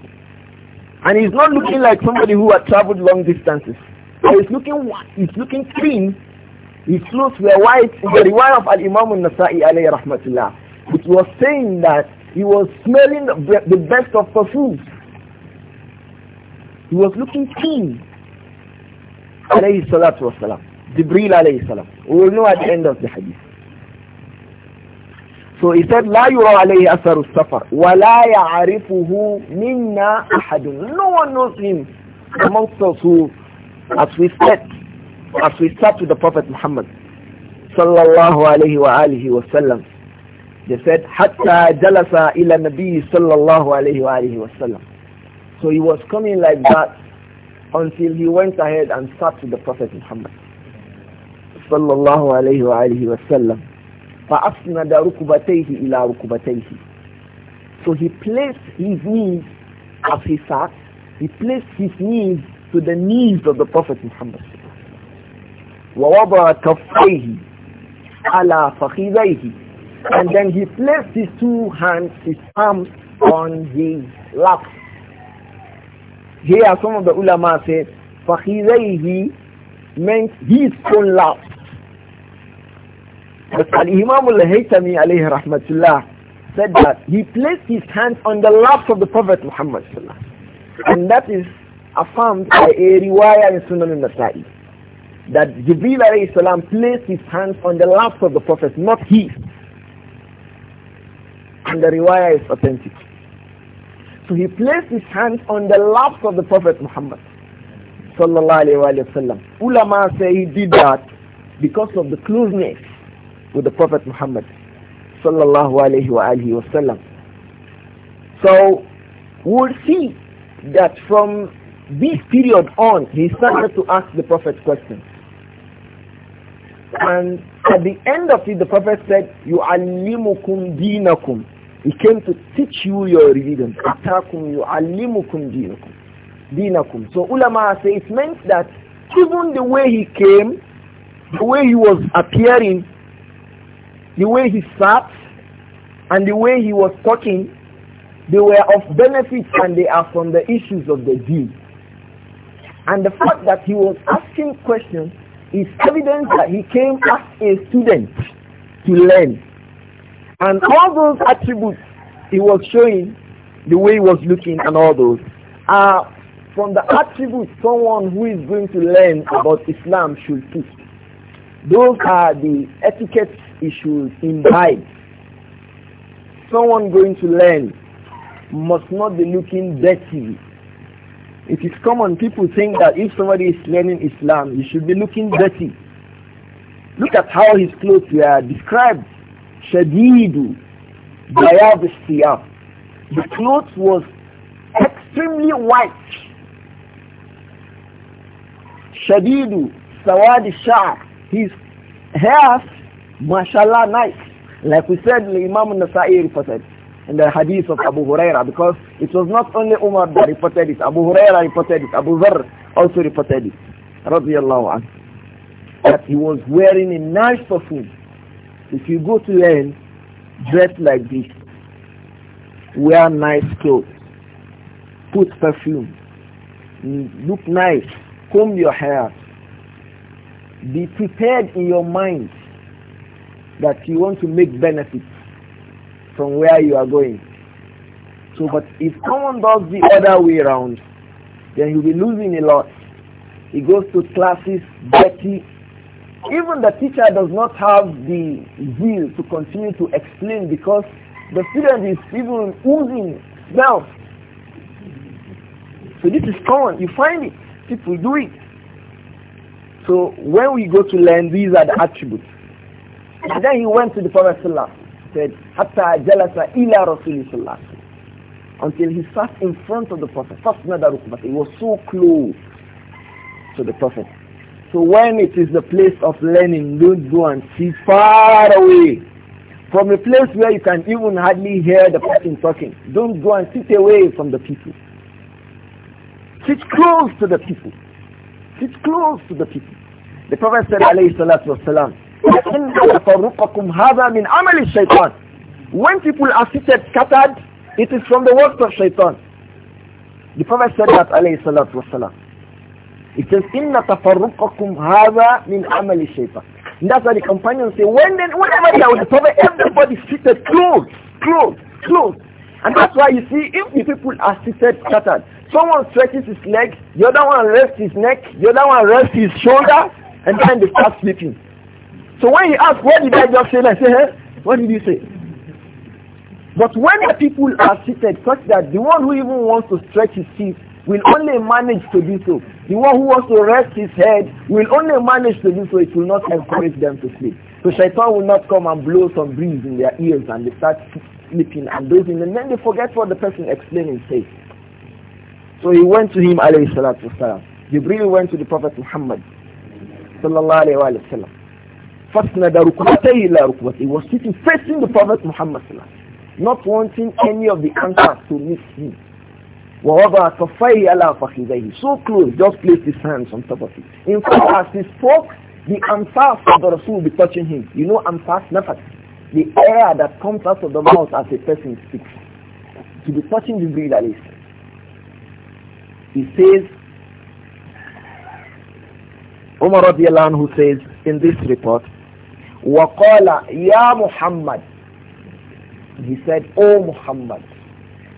And he's not looking like somebody who had traveled long distances. So he's looking he's looking clean. His clothes were white. the riwayah of Al-Imam al-Nasa'i alayhi rahmatullah, it was saying that he was smelling the best of perfumes. He was looking clean. Alayhi salatu wasalam. Jibreel alayhi salam. We will know at the end of the hadith. So he said, لا يرى عليه أثر السفر ولا يعرفه منا أحد. No one knows him amongst us who, as we said, as we start with the Prophet Muhammad sallallahu alayhi wa alihi wa sallam. They said, حتى جلس إلى النبي sallallahu alayhi wa alihi wa sallam. So he was coming like that until he went ahead and sat with the Prophet Muhammad sallallahu alayhi wa alihi wa sallam. فَأَسْنَدَ رُكُبَتَيْهِ إِلَى رُكُبَتَيْهِ So he placed his knees as he sat, he placed his knees to the knees of the Prophet Muhammad. وَوَضَعَ كَفَّيْهِ عَلَى فَخِذَيْهِ And then he placed his two hands, his arms on his lap. Here some of the ulama said فَخِذَيْهِ meant his own lap. But Al-Imam al-Haytami alayhi rahmatullah said that he placed his hands on the laps of the Prophet Muhammad And that is affirmed by a riwayah in Sunan al-Nasa'i. That Jibreel alayhi salam placed his hands on the laps of the Prophet, not he. And the riwayah is authentic. So he placed his hands on the laps of the Prophet Muhammad sallallahu alayhi wa sallam. Ulama say he did that because of the closeness with the Prophet Muhammad sallallahu alayhi wa alihi wasallam. So we'll see that from this period on, he started to ask the Prophet questions. And at the end of it, the Prophet said, "You يُعَلِّمُكُمْ dinakum." He came to teach you your religion. you alimukun dinakum, dinakum. So ulama say it meant that even the way he came, the way he was appearing, the way he sat and the way he was talking, they were of benefit and they are from the issues of the deal. And the fact that he was asking questions is evidence that he came as a student to learn. And all those attributes he was showing, the way he was looking and all those, are from the attributes someone who is going to learn about Islam should keep. Those are the etiquettes issues life. Someone going to learn must not be looking dirty. It is common people think that if somebody is learning Islam, he should be looking dirty. Look at how his clothes were described. Shadidu, Bayad Siyam. The clothes was extremely white. Shadidu, Sawad Shah. His hair mashallah nice. Like we said, Imam Nasa'i reported in the hadith of Abu Huraira because it was not only Umar that reported it. Abu Huraira reported it. Abu Dharr also reported it. Radiallahu anhu. That he was wearing a nice perfume. If you go to him, dress like this. Wear nice clothes. Put perfume. Look nice. Comb your hair. Be prepared in your mind that you want to make benefits from where you are going. So, but if someone does the other way around, then he'll be losing a lot. He goes to classes dirty. Even the teacher does not have the zeal to continue to explain because the student is even oozing now. So this is common. You find it. People do it. So when we go to learn, these are the attributes. And then he went to the Prophet Sallallahu said, Hatta jalasa ila Rasulullah until he sat in front of the Prophet. First but he was so close to the Prophet. So when it is the place of learning, don't go and sit far away. From a place where you can even hardly hear the person talking. Don't go and sit away from the people. Sit close to the people. Sit close to the people. The Prophet said, alayhi salatu wasalam, when people are seated scattered, it is from the works of shaitan. The Prophet said that alayhi salatu wasalam. It says, Inna tafarruqakum hadha min amali shaitan. That's why the companions say, when then, whenever they are the Prophet, everybody seated close, close, close. And that's why you see, if the people are seated scattered, someone stretches his leg, the other one rests his neck, the other one rests his shoulder, and then they start sleeping. So when he asked, what did I just say? I say, hey, eh, what did you say? But when the people are seated such that the one who even wants to stretch his feet will only manage to do so. The one who wants to rest his head will only manage to do so. It will not encourage them to sleep. So shaitan will not come and blow some breeze in their ears and they start sleeping and dozing and then they forget what the person explaining says. So he went to him alayhi salatu wasalam. Jibril went to the Prophet Muhammad sallallahu alayhi wa sallam. فَاسْنَدَ رُكْبَتَيْهِ إِلَى رُكْبَتَيْهِ He was sitting facing the Prophet Muhammad not wanting any of the answers to miss him. وَوَضَعَ كَفَّيْهِ عَلَى فَخِذَيْهِ So close, just placed his hands on top of it. In fact, as he spoke, the amsas of the Rasul will be touching him. You know amsas nafas, the air that comes out of the mouth as a person speaks. To be touching the breed at least. He says, Umar radiallahu anhu says in this report, وَقَالَ يَا Muhammad. He said, O oh Muhammad.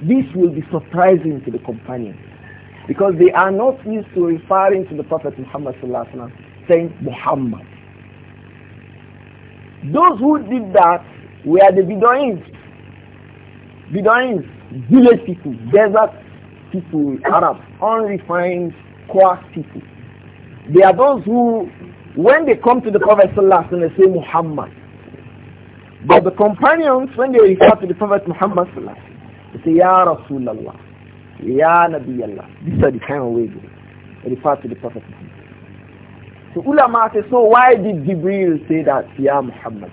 This will be surprising to the companions because they are not used to referring to the Prophet Muhammad sallam, saying Muhammad. Those who did that were the Bedouins. Bedouins, village people, desert people, Arabs, unrefined, coarse people. They are those who when they come to the Prophet Sallallahu Alaihi Wasallam, they say Muhammad. But the companions, when they refer to the Prophet Muhammad Sallallahu Alaihi Wasallam, they say Ya Rasulallah, Ya Nabi Allah. These are the kind of way they refer to the Prophet Muhammad. So ulama say, so why did Jibril say that, Ya Muhammad?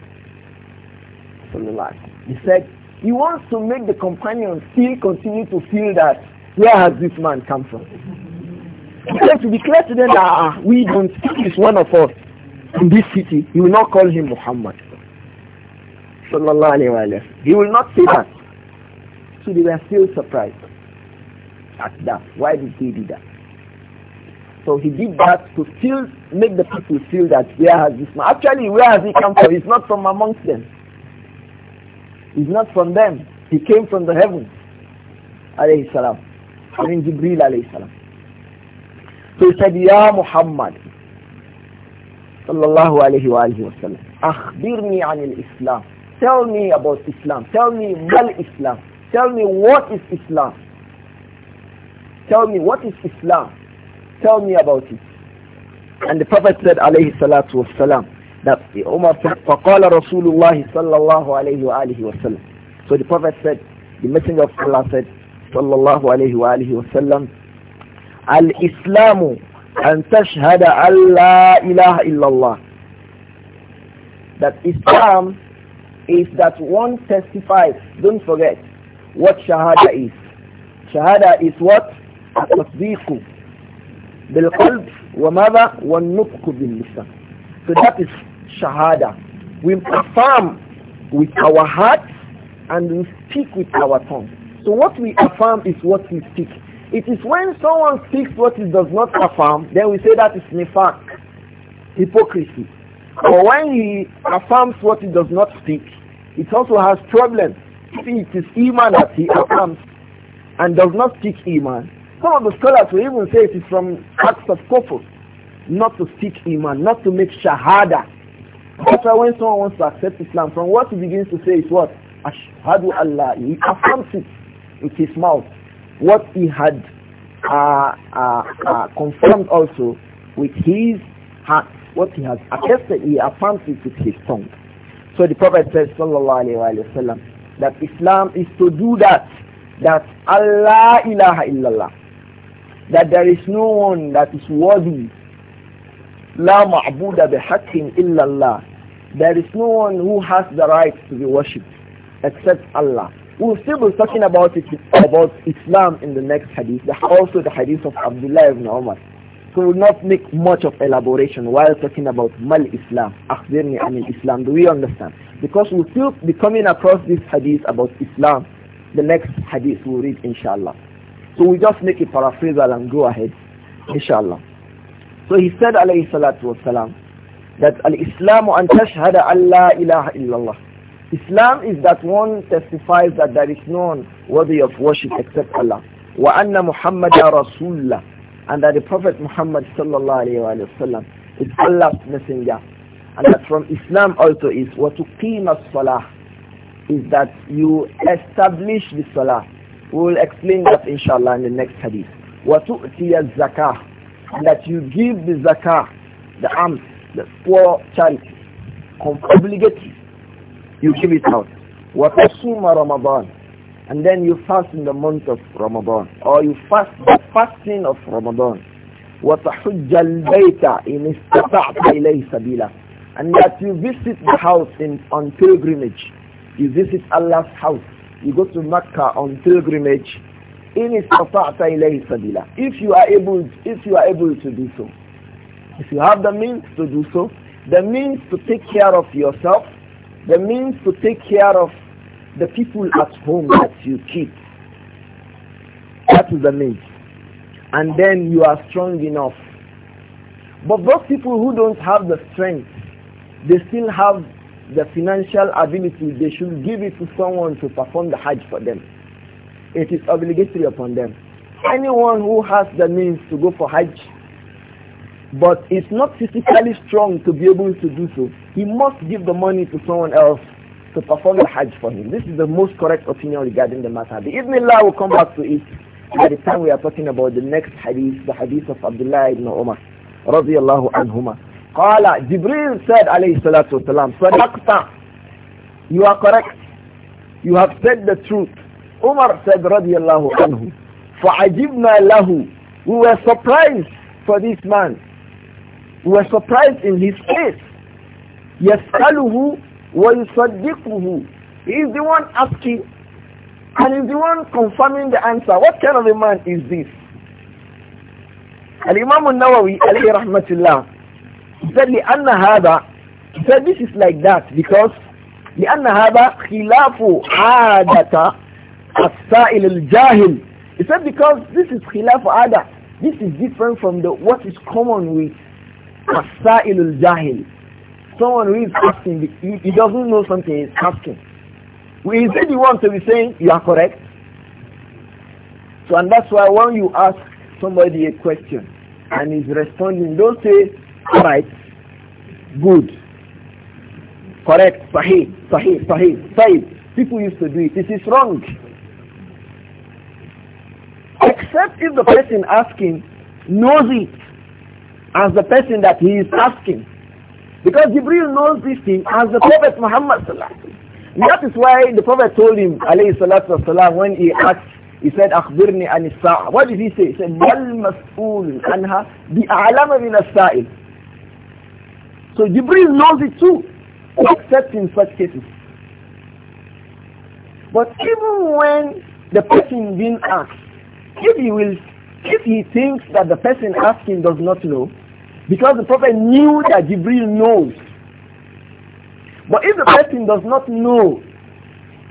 He said, he wants to make the companions still continue to feel that, where has this man come from? Because to be clear to them that ah, we don't think he's one of us in this city, He will not call him Muhammad. alayhi He will not say that. So they were still surprised at that. Why did he do that? So he did that to still make the people feel that where has this man? Actually, where has he come from? He's not from amongst them. He's not from them. He came from the heavens. Alayhi salam. I mean Jibril alayhi salam. So he said, Ya Muhammad, sallallahu alayhi wa alayhi wa sallam, akhbirni anil Islam. Tell me about Islam. Tell me mal Islam. Tell me what is Islam. Tell me what is Islam. Tell me about it. And the Prophet said, alayhi salatu wa salam, that Umar said, فَقَالَ رَسُولُ اللَّهِ صَلَّى اللَّهُ عَلَيْهِ وَآلِهِ وَسَلَّمُ So the Prophet said, the Messenger of Allah said, sallallahu alayhi wa alihi wa sallam, Al-Islamu an tashhada Allah ilaha illallah. That Islam is that one testifies. Don't forget what shahada is. Shahada is what? Tasdiqu. wa وماذا والنطق باللسان so that is shahada we affirm with our hearts and we speak with our tongue so what we affirm is what we speak it is when someone speaks what he does not affirm, then we say that is nefak, hypocrisy. But when he affirms what he does not speak, it also has problems. If it is iman that he affirms and does not speak iman, some of the scholars will even say it is from acts of kufr, not to speak iman, not to make shahada. That's why when someone wants to accept Islam, from what he begins to say is what? Ashhadu Allah. He affirms it with his mouth what he had uh, uh, uh, confirmed also with his heart, what he has attested, he affirms it with his tongue. So the Prophet says, sallallahu alayhi wasallam," that Islam is to do that, that Allah ilaha illallah, that there is no one that is worthy, la ma'buda bihaqqin illallah, there is no one who has the right to be worshipped except Allah. We'll still be talking about it, about Islam in the next hadith, also the hadith of Abdullah ibn Umar. So we'll not make much of elaboration while talking about Mal Islam, Akhbirni Anil Islam. Do we understand? Because we'll still be coming across this hadith about Islam, the next hadith we'll read inshallah. So we just make a paraphrasal and go ahead inshallah. So he said alayhi salatu wasalam that al-Islamu an tashhada an la ilaha illallah Islam is that one testifies that there is none worthy of worship except Allah. Wa anna Muhammad Rasulullah. And that the Prophet Muhammad sallallahu alayhi wa sallam is Allah's messenger. And that from Islam also is what وَتُقِيمَ salah is that you establish the salah. We will explain that inshallah in the next hadith. وَتُؤْتِيَ الزَّكَاةِ and that you give the zakah, the alms, the poor charity, obligatory you give it out. وَتَصُومَ Ramadan and then you fast in the month of Ramadan or you fast the fasting of Ramadan وَتَحُجَّ الْبَيْتَ إِنْ إِسْتَطَعْتَ إِلَيْهِ سَبِيلًا and that you visit the house in, on pilgrimage you visit Allah's house you go to Mecca on pilgrimage إِنْ إِسْتَطَعْتَ إِلَيْهِ سَبِيلًا if you are able if you are able to do so if you have the means to do so the means to take care of yourself the means to take care of the people at home that you keep. That is the means. And then you are strong enough. But those people who don't have the strength, they still have the financial ability, they should give it to someone to perform the Hajj for them. It is obligatory upon them. Anyone who has the means to go for Hajj but is not physically strong to be able to do so, he must give the money to someone else to perform the Hajj for him. This is the most correct opinion regarding the matter. The Ibn Allah will come back to it by the time we are talking about the next hadith, the hadith of Abdullah ibn Umar, radiallahu anhuma. Qala, Jibril said, alayhi salatu wasalam, Sadaqta, you are correct. You have said the truth. Umar said, radiallahu anhu, فَعَجِبْنَا لَهُ We were surprised for this man. We were surprised in his face. يَسْأَلُهُ وَيُصَدِّقُهُ He is the one asking and is the one confirming the answer. What kind of a man is this? Al-Imam al-Nawawi alayhi rahmatullah said لِأَنَّ هَذَا He said this is like that because khilafu هذا as sa'il al jahil. He said because this is khilafu adat. This is different from the what is common with Masailul Jahil. Someone who is asking, he doesn't know something, he's asking. We it? the one to be saying, you are correct? So and that's why when you ask somebody a question and he's responding, don't say, alright, good, correct, sahih, sahih, sahih, sahih. People used to do it. This is wrong. Except if the person asking knows it as the person that he is asking. Because Jibril knows this thing as the Prophet Muhammad and That is why the Prophet told him, alayhi salatu wasalam, when he asked, he said, أخبرني عن What did he say? He said, anha bi بِأَعْلَمَ مِنَ السَّائِلِ So Jibril knows it too, except in such cases. But even when the person being asked, if he will, if he thinks that the person asking does not know, because the Prophet knew that Jibril knows. But if the person does not know,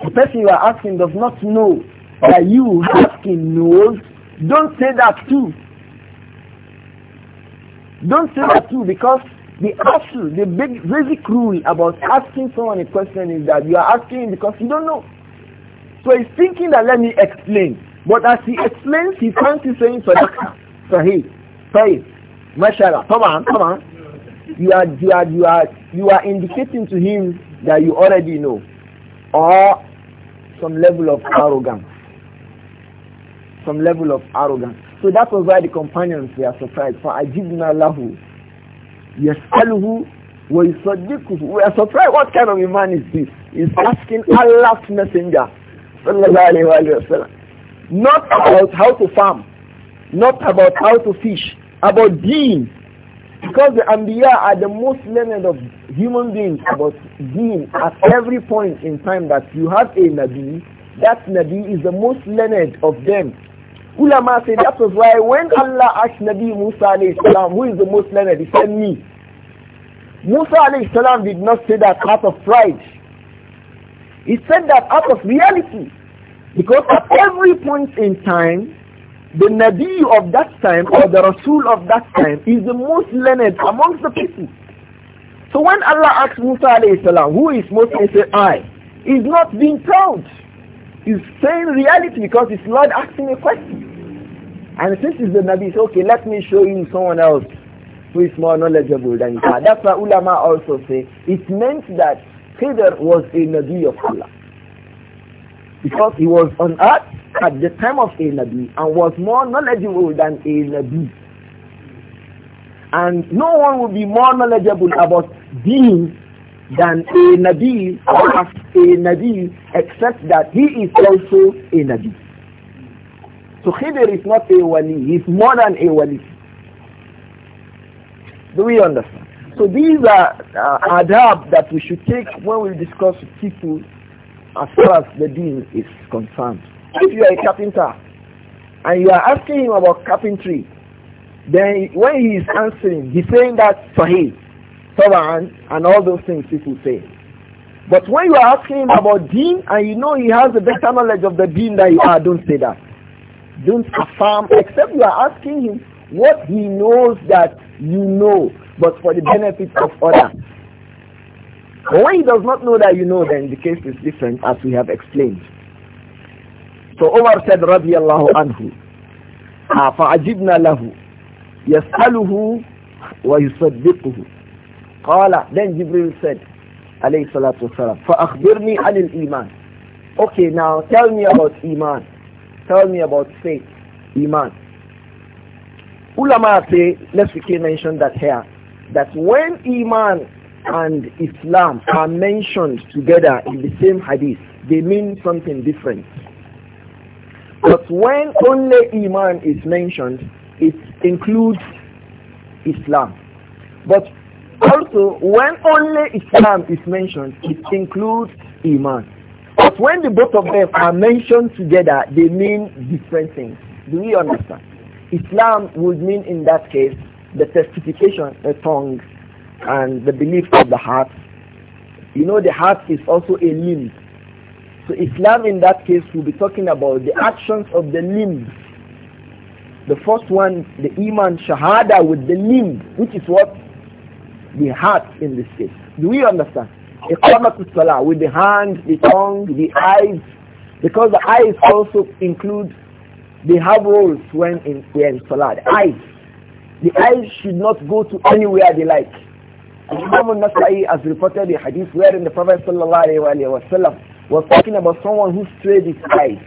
the person you are asking does not know that you asking knows, don't say that too. Don't say that too because the actual, the big, basic rule about asking someone a question is that you are asking because you don't know. So he's thinking that let me explain. But as he explains, he finds he's saying, Sadaqa, Sahih, Sahih. Mashallah, come on, come on. You are, you are, you are, you are indicating to him that you already know, or some level of arrogance, some level of arrogance. So that was why the companions were surprised. For ajibna lahu, yasaluhu wa yusaddiquhu. We are surprised. What kind of a man is this? He's asking Allah's messenger, sallallahu not about how to farm, not about how to fish, about deen. Because the ambiya are the most learned of human beings about deen at every point in time that you have a Nabi, that Nabi is the most learned of them. Ulama say that was why when Allah asked Nabi Musa salam, who is the most learned, he said me. Musa salam did not say that out of pride. He said that out of reality. Because at every point in time, the Nabi of that time or the Rasul of that time is the most learned amongst the people. So when Allah asks Musa salam, who is most?" He I. He's not being proud. He's saying reality because it's Lord asking a question. And since it's the Nabi, he okay, let me show you someone else who is more knowledgeable than you That's why ulama also say it meant that Khidr was a Nabi of Allah. Because he was on earth at the time of a Nabi and was more knowledgeable than a Nabi. And no one will be more knowledgeable about deen than a Nabi or as a Nabi except that he is also a Nabi. So Khidr is not a wali, he is more than a wali. Do we understand? So these are uh, adab that we should take when we discuss people as far as the deen is concerned. If you are a carpenter and you are asking him about carpentry, then when he is answering, he's saying that Sahih, Taban, and all those things people say. But when you are asking him about deen and you know he has a better knowledge of the deen than you are, don't say that. Don't affirm, except you are asking him what he knows that you know, but for the benefit of others when he does not know that you know, then the case is different as we have explained. So Omar said, رضي الله عنه, فعجبنا له يسأله ويصدقه. قال, then Jibril said, عليه الصلاة والسلام, فأخبرني عن الإيمان. Okay, now tell me about Iman. Tell me about faith, Iman. Ulama say, let's quickly mention that here, that when Iman and Islam are mentioned together in the same hadith, they mean something different. But when only Iman is mentioned, it includes Islam. But also, when only Islam is mentioned, it includes Iman. But when the both of them are mentioned together, they mean different things. Do we understand? Islam would mean in that case the testification, a tongue, and the belief of the heart, you know the heart is also a limb. So Islam in that case will be talking about the actions of the limbs. The first one, the Iman Shahada with the limb, which is what? The heart in this case. Do we understand? with the hand, the tongue, the eyes. Because the eyes also include, they have roles when in, when Salah. The eyes. The eyes should not go to anywhere they like Imam al-Nasai has reported a hadith wherein the Prophet ﷺ was talking about someone who strayed his eyes.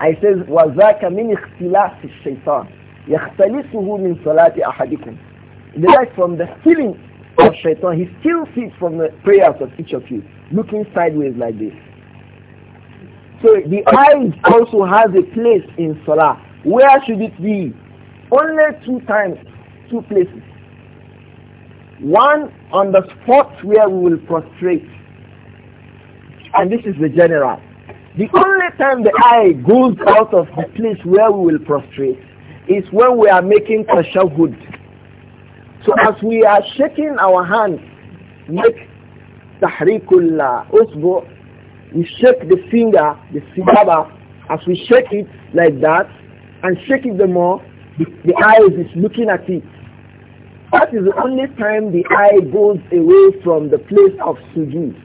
I says, وَذَاكَ مِنْ اخْتِلَافِ الشَّيْطَانِ يَخْتَلِسُهُ مِنْ صَلَاةِ أَحَدِكُمْ That's from the stealing of shaitan. He steals it from the prayers of each of you, looking sideways like this. So the eyes also has a place in Salah. Where should it be? Only two times, two places. One on the spot where we will prostrate. And this is the general. The only time the eye goes out of the place where we will prostrate is when we are making tashahud. So as we are shaking our hands, make tahrikul usbu, we shake the finger, the sibaba, as we shake it like that, and shake it the more, the, the eyes is looking at it. That is the only time the eye goes away from the place of sujood.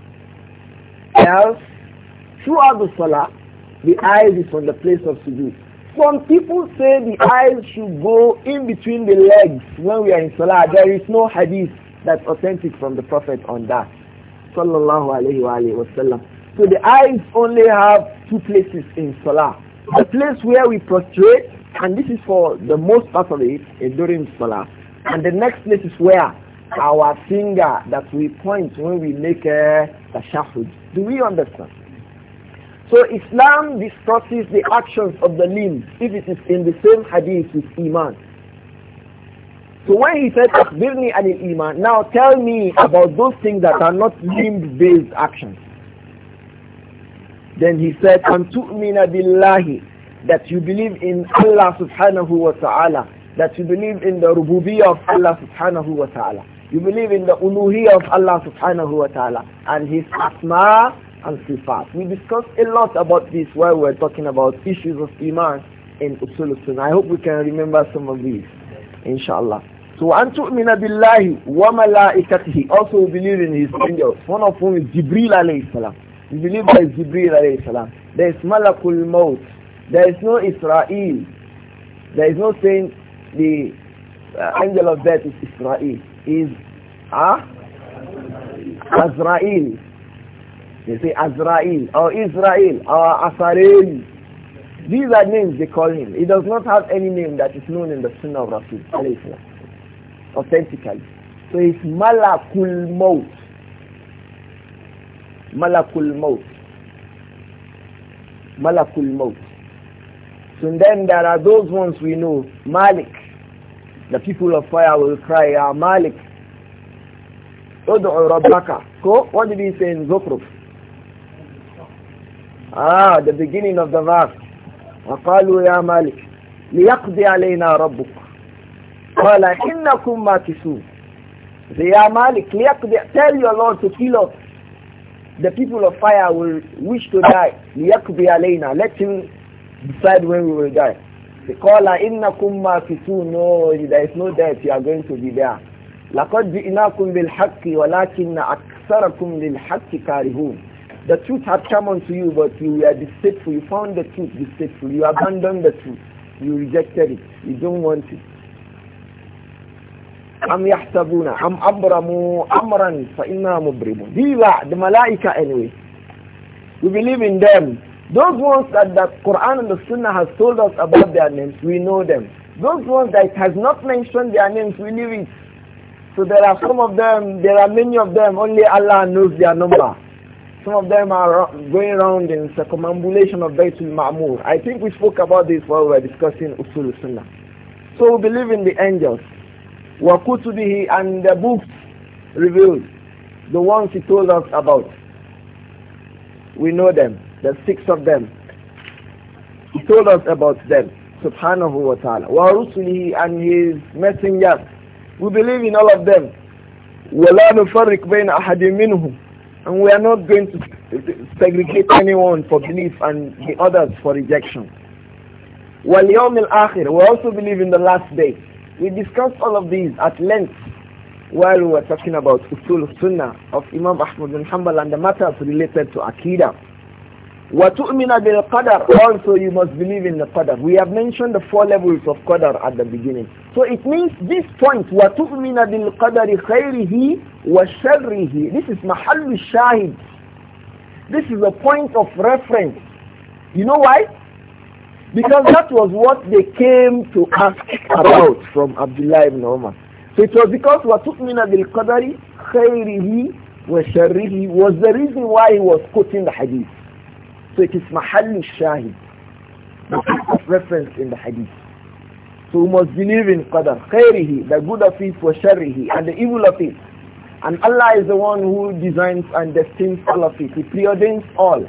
Else, throughout the salah, the eye is on the place of sujood. Some people say the eyes should go in between the legs when we are in salah. There is no hadith that's authentic from the Prophet on that. Sallallahu alayhi wa, alayhi wa So the eyes only have two places in salah. The place where we prostrate, and this is for the most part of it, is during salah. And the next place is where our finger that we point when we make the shahadah. Do we understand? So Islam discusses the actions of the limbs if it is in the same hadith with Iman. So when he said Akbirni anil Iman, now tell me about those things that are not limb based actions. Then he said, Antu'mina billahi, that you believe in Allah subhanahu wa ta'ala that you believe in the rububiyyah of Allah subhanahu wa ta'ala. You believe in the uluhiyyah of Allah subhanahu wa ta'ala and his asma and sifat. We discussed a lot about this while we were talking about issues of iman in usul sunnah. I hope we can remember some of these, inshallah. So وأن تؤمن بالله He also believe in his angels one of whom is Jibril alayhi salam you believe by Jibril alayhi salam there is Malakul Maut there is no Israel there is no saying the uh, angel of death is Israel. Is ah uh, Azrael. They say Azrael or Israel or Asarel. These are names they call him. He does not have any name that is known in the Sunnah of Rasul authentically. So it's Malakul Maut. Malakul Maut. Malakul Maut. So then there are those ones we know, Malik. The people of fire will cry, Ya Malik, Udu'u Rabbaka. So, What did he say in Zukhruf? Ah, the beginning of the verse. وقالوا يا مالك ليقضي علينا ربك قال إنكم ماكسون Say, Ya Malik, ليقضي Tell your Lord to kill us. The people of fire will wish to die. ليقضي علينا. Let him decide when we will die. They إِنَّكُمْ مَا innakum mafitun. No, there is no death. You are going to be there. لَقَدْ جِئْنَاكُمْ بِالْحَقِّ وَلَكِنَّ أَكْثَرَكُمْ لِلْحَقِّ كَارِهُونَ The truth has come unto you, but you were deceitful. You found the truth deceitful. You abandoned the truth. You rejected it. You don't want it. أَمْ يَحْسَبُونَ أَمْ أَبْرَمُوا أَمْرًا فَإِنَّا مُبْرِمُونَ These are the malaika anyway. We believe in them. Those ones that the Quran and the Sunnah has told us about their names, we know them. Those ones that has not mentioned their names, we leave it. So there are some of them, there are many of them, only Allah knows their number. Some of them are going around in circumambulation of Baytul Ma'mur. I think we spoke about this while we were discussing Usul Sunnah. So we believe in the angels. Wakutubihi and the books revealed. The ones he told us about. We know them the six of them. He told us about them, subhanahu wa ta'ala. Wa rusulihi and his messengers. We believe in all of them. وَلَا نُفَرِّقْ بَيْنَ أَحَدٍ مِّنْهُمْ And we are not going to segregate anyone for belief and the others for rejection. وَالْيَوْمِ الْآخِرِ We also believe in the last day. We discussed all of these at length while we were talking about Usul Sunnah of Imam Ahmad bin Hanbal and the matters related to Aqidah. وَتُؤْمِنَ بِالْقَدَرِ Also you must believe in the qadar. We have mentioned the four levels of qadar at the beginning. So it means this point, وَتُؤْمِنَ بِالْقَدَرِ خَيْرِهِ وَشَرِّهِ This is mahal shahid. This is a point of reference. You know why? Because that was what they came to ask about from Abdullah ibn Umar. So it was because وَتُؤْمِنَ بِالْقَدَرِ خَيْرِهِ وَشَرِّهِ was the reason why he was quoting the hadith. So it is mahallu shahid, the reference in the hadith. So we must believe in qadar, khairihi, the good of it for sharrihi, and the evil of it. And Allah is the one who designs and destines all of it. He preordains all.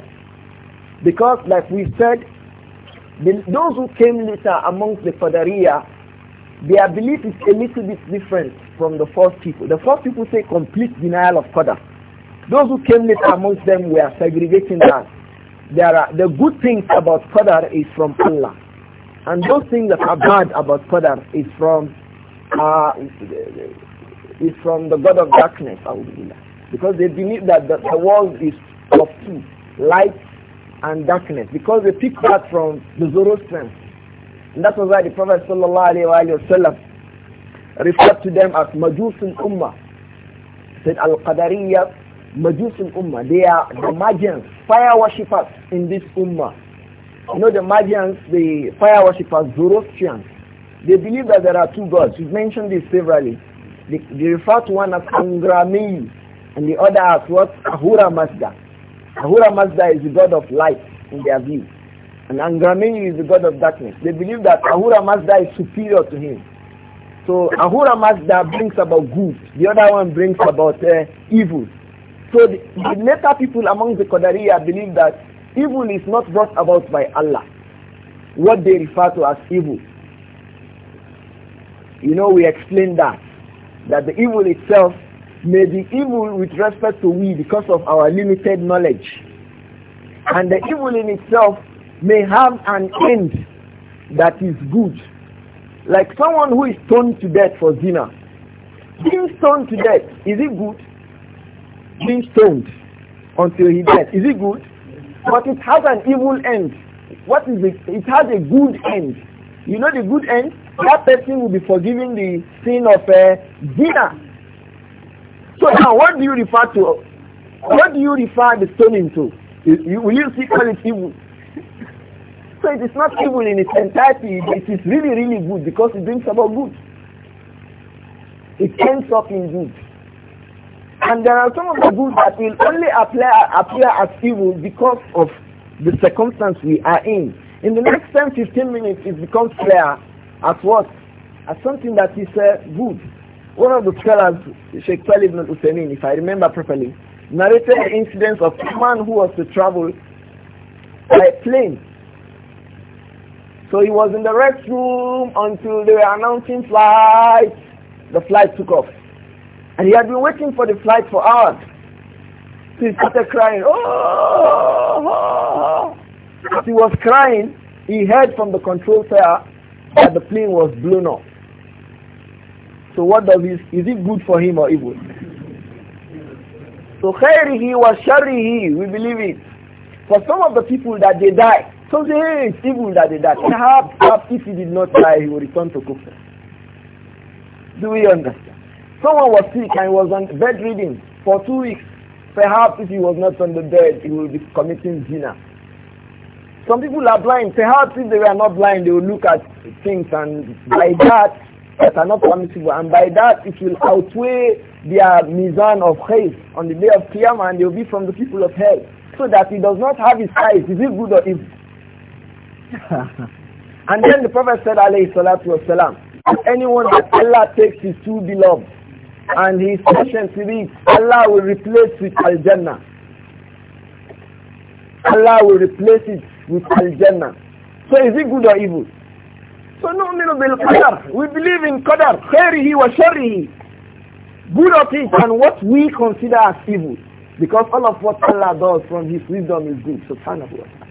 Because like we said, the, those who came later amongst the qadariyah, their belief is a little bit different from the first people. The first people say complete denial of Qadar. Those who came later amongst them were segregating that there are the good things about qadar is from Allah and those things that are bad about qadar is from uh, is from the god of darkness because they believe that the, the world is of two light and darkness because they pick that from the Zoroastrians and that was why the Prophet sallallahu wasallam referred to them as Majusul Ummah said Al-Qadariyah Majus Umma, they are the Magians, fire worshippers in this Umma. You know the Magians, the fire worshippers, Zoroastrians, they believe that there are two gods. We've mentioned this severally. They, they refer to one as Angrami and the other as what? Ahura Mazda. Ahura Mazda is the god of light in their view. And Angrami is the god of darkness. They believe that Ahura Mazda is superior to him. So Ahura Mazda brings about good. The other one brings about uh, evil. So the, the later people among the Qadariya believe that evil is not brought about by Allah. What they refer to as evil. You know, we explained that. That the evil itself may be evil with respect to we because of our limited knowledge. And the evil in itself may have an end that is good. Like someone who is stoned to death for zina. Being stoned to death, is it good? being stoned until he died Is it good? But it has an evil end. What is it? It has a good end. You know the good end? That person will be forgiven the sin of uh, a dinner. So now what do you refer to? What do you refer the stoning to? will you see call it evil? so it is not evil in its entirety. It is really, really good because it brings about good. It ends up in good. And there are some of the good that will only appear, appear as evil because of the circumstance we are in. In the next 10, 15 minutes, it becomes clear as what? As something that is uh, good. One of the scholars, Sheikh Talib ibn Uthaymeen, if I remember properly, narrated the incident of a man who was to travel by plane. So he was in the restroom until they were announcing flight. The flight took off. And he had been waiting for the flight for hours. So he started crying. Oh, oh, oh! As he was crying, he heard from the control tower that the plane was blown up. So what does this, is it good for him or evil? So khairihi wa sharihi, we believe it. For some of the people that they die, so they it's evil that they die. Perhaps, perhaps if he did not die, he would return to Kufa. Do we understand? Someone was sick and was on bedridden for two weeks. Perhaps if he was not on the bed, he would be committing zina. Some people are blind. Perhaps if they were not blind, they would look at things and by that that are not permissible. And by that, it will outweigh their mizan of hate on the day of Qiyamah and they will be from the people of hell. So that he does not have his eyes. Is it good or evil? and then the Prophet said, alayhi salatu wasalam, anyone that Allah takes his two beloved, and he is patient Allah will replace with Al-Jannah. Allah will replace it with Al-Jannah. So is it good or evil? So no, نؤمن بالقدر. We believe in قدر خيره وشره. Good of it and what we consider as evil. Because all of what Allah does from his wisdom is good. Subhanahu wa ta'ala.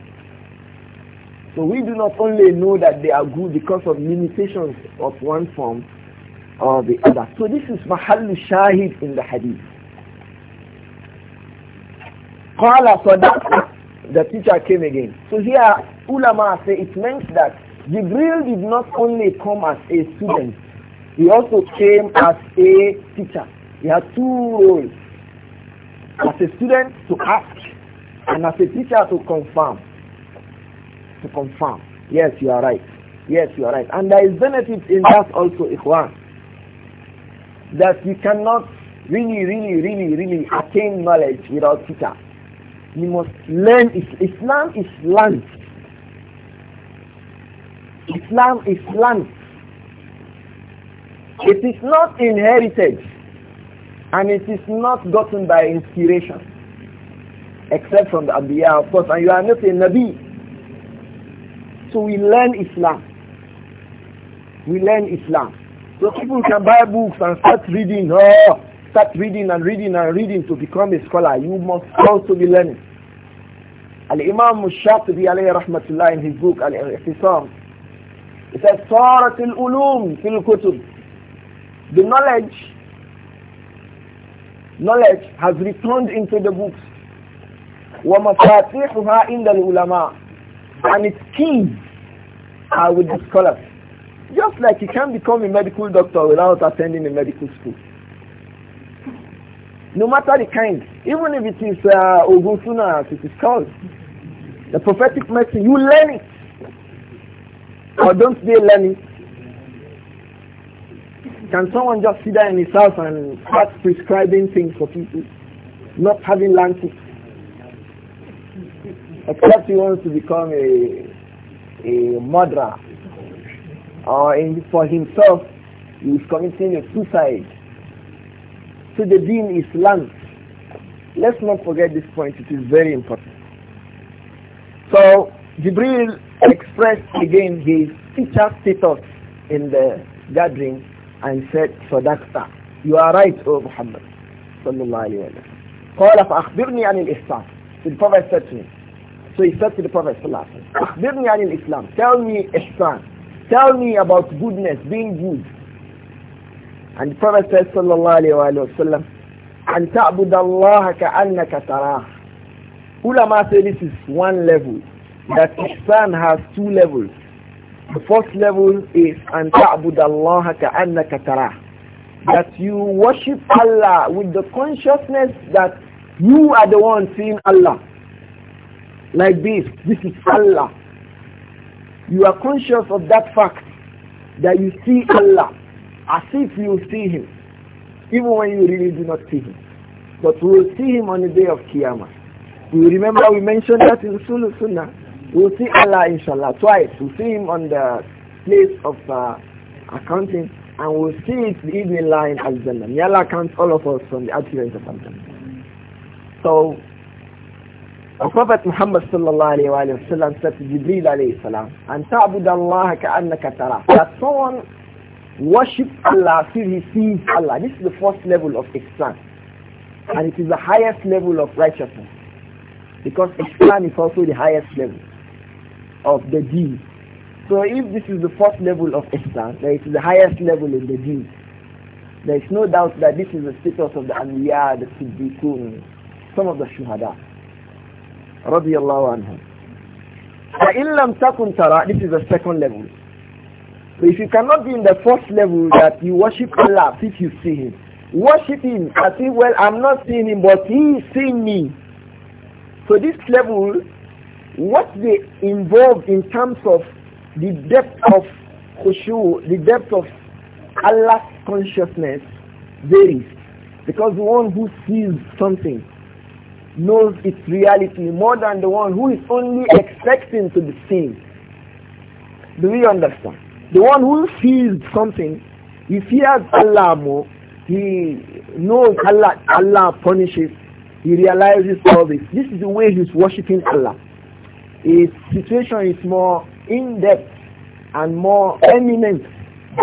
So we do not only know that they are good because of limitations of one form, or the other. So this is mahallu shahid in the hadith. Qala that. The teacher came again. So here ulama say it means that Jibril did not only come as a student, he also came as a teacher. He had two roles. As a student to ask and as a teacher to confirm. To confirm. Yes, you are right. Yes, you are right. And there is benefit in that also, Ikhwan that you cannot really, really, really, really attain knowledge without teacher. You must learn. Islam is learned. Islam is learned. It is not inherited and it is not gotten by inspiration except from the Abiyah, of course, and you are not a Nabi. So we learn Islam. We learn Islam. So people can buy books and start reading, oh, start reading and reading and reading to become a scholar. You must also be learning. Al-Imam Shatibi alayhi rahmatullah in his book Al-Ihtisam, he says, Sarat al-ulum fil kutub. The knowledge, knowledge has returned into the books. وَمَفَاتِحُهَا إِنَّ الْعُلَمَاءِ And its keys are with the scholars. Just like you can't become a medical doctor without attending a medical school. No matter the kind, even if it is uh, as it is called, the prophetic medicine, you learn it. Or don't they learn it? Can someone just sit there in his house and start prescribing things for people, not having learned it? Except he wants to become a, a murderer or in, for himself, he is committing a suicide. So the deen is land. Let's not forget this point, it is very important. So Jibril expressed again his teacher status in the gathering and said, Sadaqta, you are right, O Muhammad. قال فأخبرني عن الإسلام. So the Prophet said to him. So he said to the Prophet صلى الله عليه وسلم, أخبرني عن الإسلام. Tell me Islam." Tell me about goodness, being good. And the Prophet says, sallallahu alayhi wa sallam, أن تعبد الله كأنك تراه. Ulama say this is one level. That Ihsan has two levels. The first level is and ta'bud الله كأنك تراه. That you worship Allah with the consciousness that you are the one seeing Allah. Like this, this is Allah you are conscious of that fact that you see Allah as if you see him, even when you really do not see him. But we will see him on the day of Qiyamah. You remember we mentioned that in Sulu Sunnah. We will see Allah inshallah twice. we will see him on the place of uh, accounting and we'll see it the evening line as jannah May Allah counts all of us from the adherents of Al-Jannah. So the Prophet Muhammad sallallahu alayhi wa sallam said to Jibreel alayhi salam, أَن تَعْبُدَ اللَّهَ كَأَنَّكَ تَرَى That someone worship Allah till he sees Allah. This is the first level of Islam. And it is the highest level of righteousness. Because Islam is also the highest level of the deed. So if this is the first level of Islam, then it is the highest level in the deed. There is no doubt that this is the status of the Anbiya, the Siddiqun, some of the Shuhada radiallahu anhu. فَإِن لَمْ تَكُنْ تَرَى This is the second level. So if you cannot be in the first level that you worship Allah if you see Him, worship Him as if, well, I'm not seeing Him, but He is seeing me. So this level, what they involve in terms of the depth of khushu, the depth of Allah's consciousness varies. Because the one who sees something knows its reality more than the one who is only expecting to be seen. Do we understand? The one who feels something, he fears Allah more, he knows Allah, Allah punishes, he realizes all this. This is the way he's worshipping Allah. His situation is more in-depth and more eminent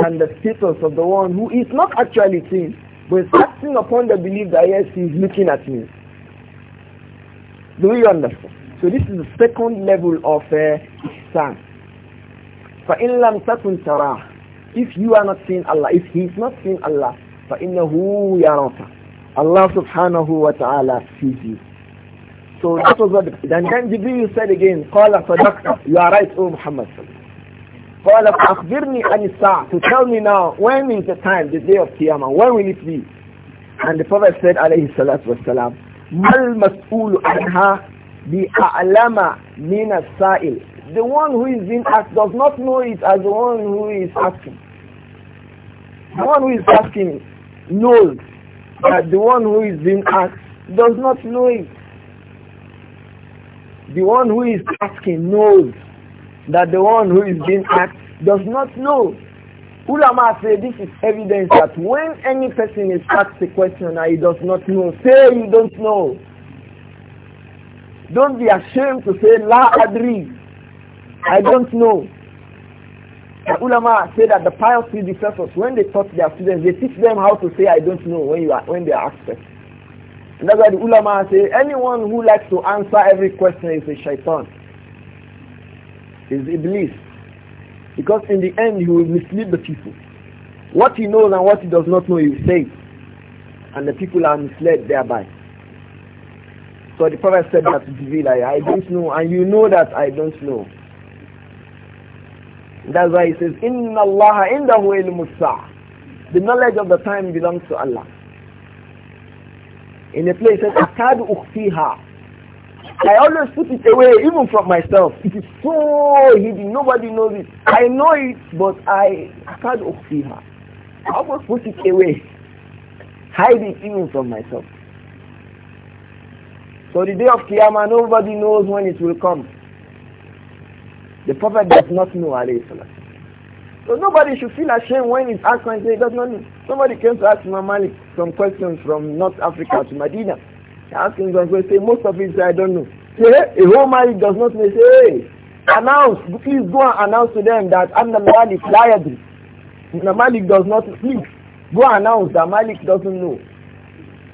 than the status of the one who is not actually seen, but is acting upon the belief that yes, he is looking at me. Do you understand? So this is the second level of uh, ihsan. فَإِن لَمْ تَكُنْ تَرَاهُ If you are not seeing Allah, if he is not seeing Allah, فَإِنَّهُ يَرَاكَ Allah subhanahu wa ta'ala sees you. So that was what, then then Jibreel said again, قَالَ صَدَقْتَ You are right, O Muhammad قَالَ فَأَخْبِرْنِي عَنِ السَّاعَةِ To tell me now, when is the time, the day of Qiyamah, when will it be? And the Prophet said, alayhi salatu salam." Al-Mas'ul anha the A'lama min sa'il The one who is being asked does not know it as the one who is asking. The one who is asking knows that the one who is being asked does not know it. The one who is asking knows that the one who is being asked does not know Ulama say this is evidence that when any person is asked a question and he does not know, say you don't know. Don't be ashamed to say La Adri. I don't know. The ulama say that the pious predecessors, when they taught their students, they teach them how to say I don't know when you are when they are asked. And that's why the ulama say anyone who likes to answer every question is a shaitan. Is Iblis. Because in the end, he will mislead the people. What he knows and what he does not know, he will say. And the people are misled thereby. So the Prophet said that to Jibreel, I don't know, and you know that I don't know. That's why he says, "In Allah of ilmusa. The knowledge of the time belongs to Allah. In a place it says, Akadu ukhfiha. I always put it away, even from myself. It is so hidden. Nobody knows it. I know it, but I, I can't see her. I always put it away. Hide it even from myself. So the day of Qiyamah, nobody knows when it will come. The Prophet does not know, alayhi salam. So nobody should feel ashamed when his actions he does not know. Somebody came to ask Imam Malik some questions from North Africa to Medina. Asking us to say, most of it, I don't know. Say, a whole marriage does not say, hey, announce, please go and announce to them that Anna Malik liable. Malik does not, please, go announce that Malik doesn't know.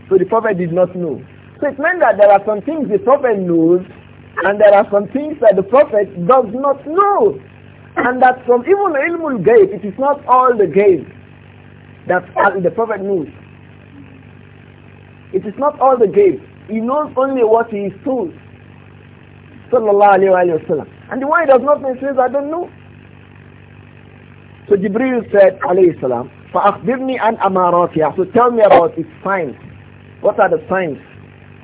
So the prophet did not know. So it meant that there are some things the prophet knows and there are some things that the prophet does not know. And that from even ilmul ghaib, it is not all the game that uh, the prophet knows. It is not all the grave. He knows only what he is told. Sallallahu alayhi wa And the one he does not know says, I don't know. So Jibril said, alayhi salam, فَأَخْبِرْنِي أَنْ أَمَارَاتِهَا So tell me about its signs. What are the signs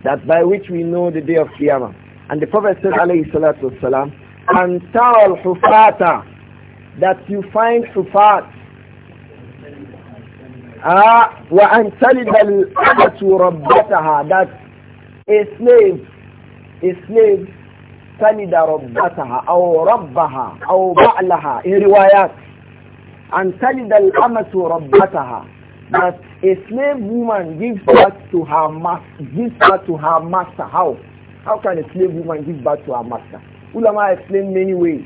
that by which we know the day of Qiyamah? And the Prophet said, alayhi salatu wasalam, أَنْ تَرَى الْحُفَاتَ That you find hufat, uh, وَأَنْ تَلِدَ الْأَمَةُ رَبَّتَهَا That a slave, a slave تَلِدَ rabbataha أو رَبَّهَا أو بَعْلَهَا in riwayat أَنْ al الْأَمَةُ rabbataha. That a slave woman gives birth to her master, gives birth to her master. How? How can a slave woman give birth to her master? Ulama explain many ways.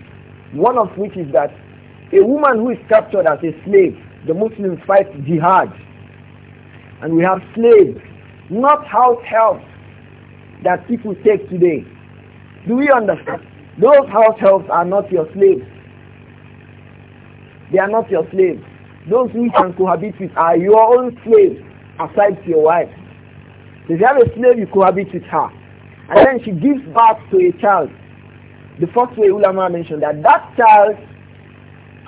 One of which is that a woman who is captured as a slave the Muslims fight jihad and we have slaves, not house help that people take today. Do we understand? Those house helps are not your slaves. They are not your slaves. Those who can cohabit with are your own slaves, aside to your wife. If you have a slave, you cohabit with her. And then she gives birth to a child. The first way ulama mentioned that that child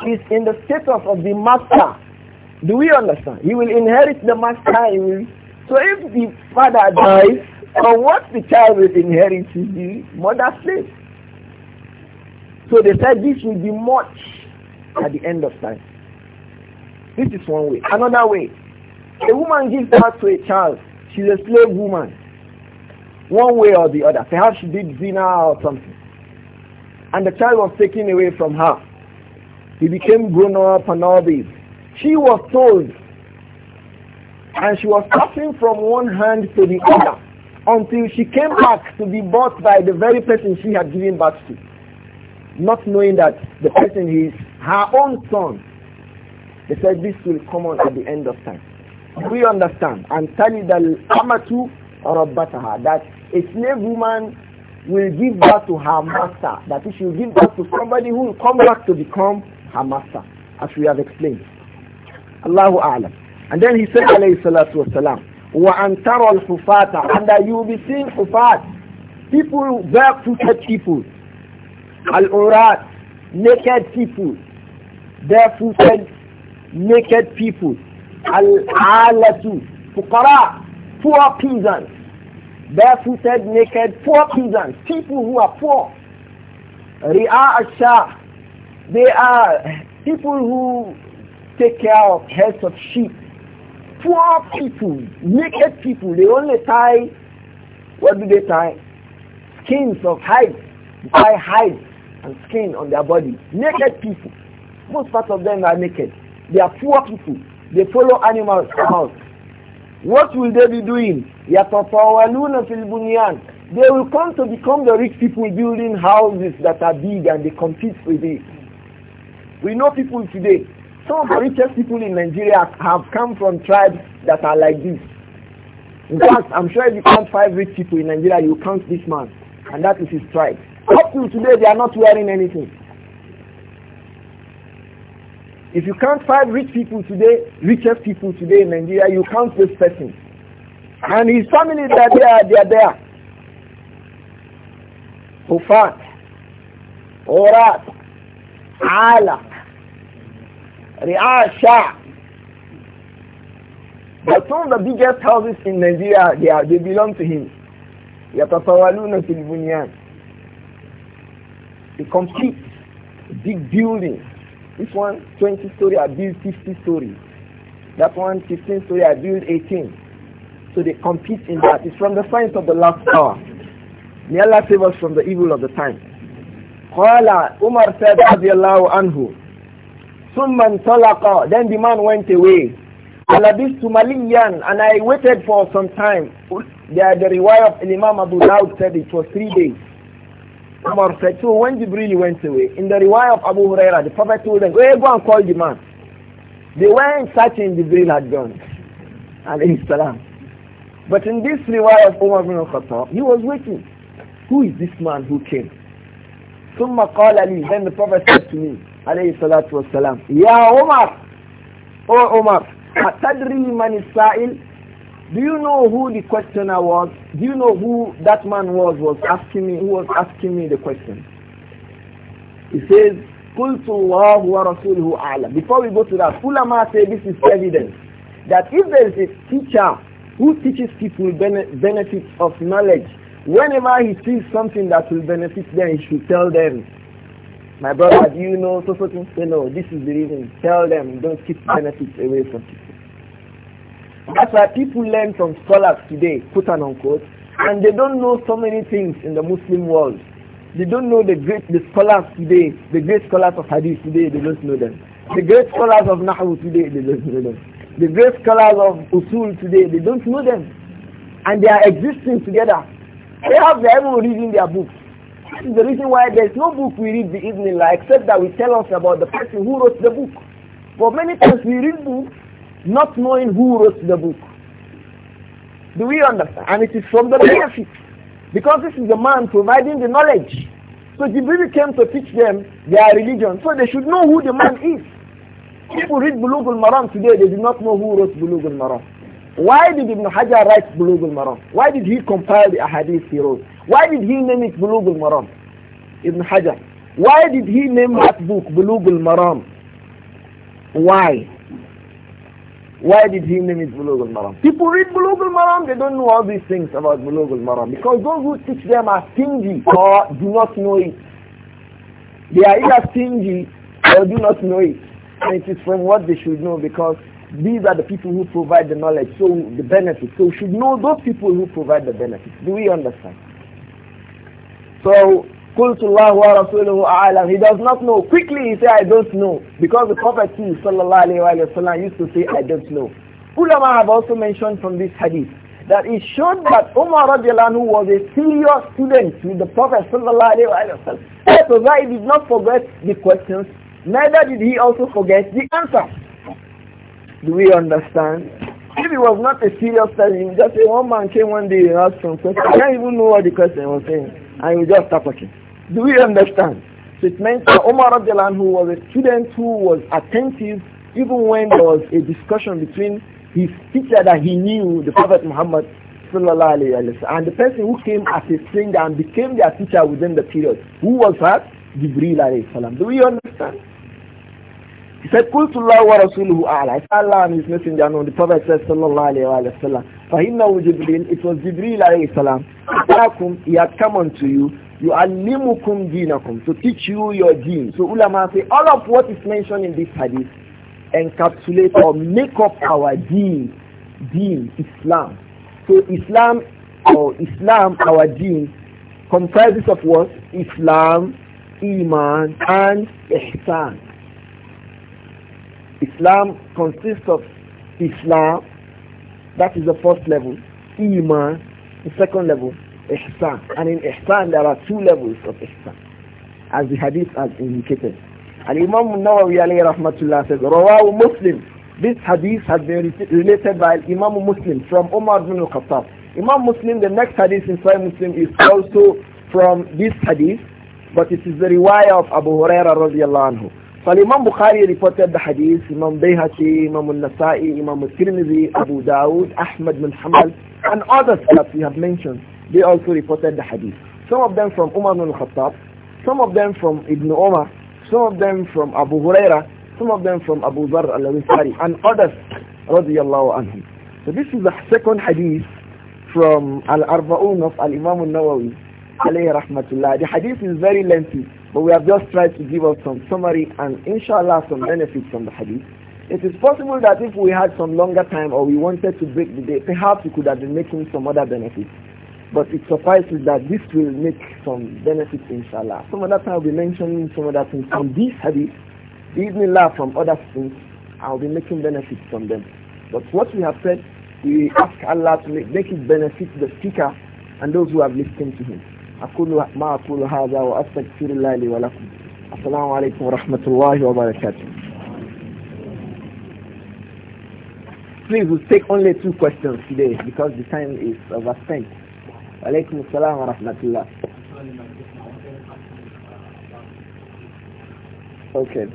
is in the status of the master do we understand? He will inherit the master. He will. So if the father dies, or what the child will inherit is the mother's place. So they said this will be much at the end of time. This is one way. Another way, a woman gives birth to a child. She's a slave woman. One way or the other. Perhaps she did zina or something. And the child was taken away from her. He became grown up and all this. She was told, and she was passing from one hand to the other until she came back to be bought by the very person she had given birth to, not knowing that the person is her own son. They said this will come on at the end of time. We understand. And Talid al-Amatu Rabbataha, that a slave woman will give birth to her master, that she will give birth to somebody who will come back to become her master, as we have explained. Allahu A'lam. And then he said, alayhi salatu wasalam, وَأَن تَرَى الْحُفَاتَ And that you will be seeing hufat, people, barefooted people, al-urat, naked people, barefooted, naked people, al-alatu, fuqara, poor peasants, barefooted, naked, poor peasants, people who are poor, ri'a ash they are people who take care of heads of sheep. Poor people, naked people, they only tie, what do they tie? Skins of hide, tie hide and skin on their body. Naked people. Most part of them are naked. They are poor people. They follow animals about. What will they be doing? They will come to become the rich people building houses that are big and they compete with it. We know people today, some of the richest people in Nigeria have come from tribes that are like this. In fact, I'm sure if you count five rich people in Nigeria, you count this man. And that is his tribe. Up today, they are not wearing anything. If you count five rich people today, richest people today in Nigeria, you count this person. And his family, they are there, they are there. Hufat, Orat, Ala, Riasha. But some of the biggest houses in Nigeria, they, are, they belong to him. Yatatawaluna has A complete big building. This one, 20 story, I build 50 story. That one, 15 story, I build 18. So they compete in that. It's from the signs of the last hour. May Allah save us from the evil of the time. قال عمر said رضي الله عنه then the man went away. Alabis Sumaliyan. And I waited for some time. The, the riwayah of Imam Abu Dawud said it was three days. Umar said, so when Jibril went away, in the riwayah of Abu Huraira, the Prophet told them, hey, go and call the man. They went searching, Jibril had gone. Alayhi salam. But in this riwayah of Umar bin Khattab, he was waiting. Who is this man who came? ثم قال لي then the prophet said to me alayhi salatu wassalam, Ya Umar, O oh Umar, Atadri man sa'il, do you know who the questioner was? Do you know who that man was was asking me, who was asking me the question? He says, Before we go to that, ulama say this is evidence that if there is a teacher who teaches people benefits of knowledge, whenever he sees something that will benefit them, he should tell them. My brother, do you know so so things? Say no, this is the reason. Tell them don't keep benefits away from people. That's why people learn from scholars today, put an unquote, and they don't know so many things in the Muslim world. They don't know the great the scholars today, the great scholars of Hadith today, they don't know them. The great scholars of Nahu today, they don't know them. The great scholars of Usul today, they don't know them. And they are existing together. They have their own reading their books. This is the reason why there's no book we read the evening like except that we tell us about the person who wrote the book. For many times we read books not knowing who wrote the book. Do we understand? And it is from the benefit. Because this is the man providing the knowledge. So Jibril came to teach them their religion. So they should know who the man is. People read Bulugul Maram today, they do not know who wrote Bulugul Maram. Why did Ibn Hajar write Bulugul Maram? Why did he compile the ahadith he wrote? Why did he name it Bulugul maram Ibn Hajar. Why did he name that book Bulugul maram Why? Why did he name it Bulugul maram People read Bulugul maram they don't know all these things about Bulugul maram because those who teach them are stingy or do not know it. They are either stingy or do not know it. And it is from what they should know because these are the people who provide the knowledge, so the benefit. So we should know those people who provide the benefit. Do we understand? So, Kultullah wa Rasuluhu a'alam. He does not know. Quickly he said, I don't know. Because the Prophet sallallahu alayhi wa sallam used to say, I don't know. Ulama have also mentioned from this hadith that it showed that Umar radiallahu was a serious student with the Prophet sallallahu alayhi wa sallam. So that he did not forget the questions, neither did he also forget the answer. Do we understand? If it was not a serious student, just say one man came one day and asked some questions. I can't even know what the question was saying and you just start talking. Do we understand? So it meant that Omar Abdelan, who was a student who was attentive even when there was a discussion between his teacher that he knew, the Prophet Muhammad and the person who came as a stranger and became their teacher within the period. Who was that? Jibril salam. Do we understand? He said, wa اللَّهُ وَرَسُولُهُ Ala." It's Allah and His Messenger known. The Prophet says, sallallahu alayhi wa sallam, فَإِنَّهُ جِبْرِيل It was Jibreel alayhi salam. He had come unto you. You يُعَلِّمُكُمْ dinakum To teach you your deen. So ulama say, all of what is mentioned in this hadith encapsulate or make up our deen. Deen, Islam. So Islam or Islam, our deen, comprises of what? Islam, Iman, and Ihsan. Islam consists of Islam, that is the first level, Iman, the second level, Ihsan. And in Ihsan there are two levels of Ihsan, as the hadith has indicated. And Imam Nawawi alayhi rahmatullah says, Rawahu Muslim. This hadith has been related by Imam Muslim from Umar bin al-Khattab. Imam Muslim, the next hadith in Sahih Muslim is also from this hadith, but it is the riwayah of Abu Huraira radiallahu anhu. So Imam Bukhari reported the hadith, Imam Bayhaqi, Imam al-Nasai, Imam al-Tirmidhi, Abu Dawud, Ahmad bin Hamal, and others that we have mentioned. They also reported the hadith. Some of them from Umar bin Khattab, some of them from Ibn Umar, some of them from Abu Huraira, some of them from Abu Dhar al-Ansari, and others, الله عنهم. So this is the second hadith from Al-Arba'un of Al-Imam al-Nawawi, رحمة الله. The hadith is very lengthy. But we have just tried to give us some summary and inshallah some benefits from the hadith. It is possible that if we had some longer time or we wanted to break the day, perhaps we could have been making some other benefits. But it suffices that this will make some benefits inshallah. Some other time I'll be mentioning some other things from this hadith, bismillah from other things, I'll be making benefits from them. But what we have said, we ask Allah to make, make it benefit the speaker and those who have listened to him. أقول ما أقول هذا وأستغفر الله لي ولكم السلام عليكم الله وبركاته Please, we'll take only two questions today because the time is overspent. Alaykum assalam wa rahmatullah. Okay.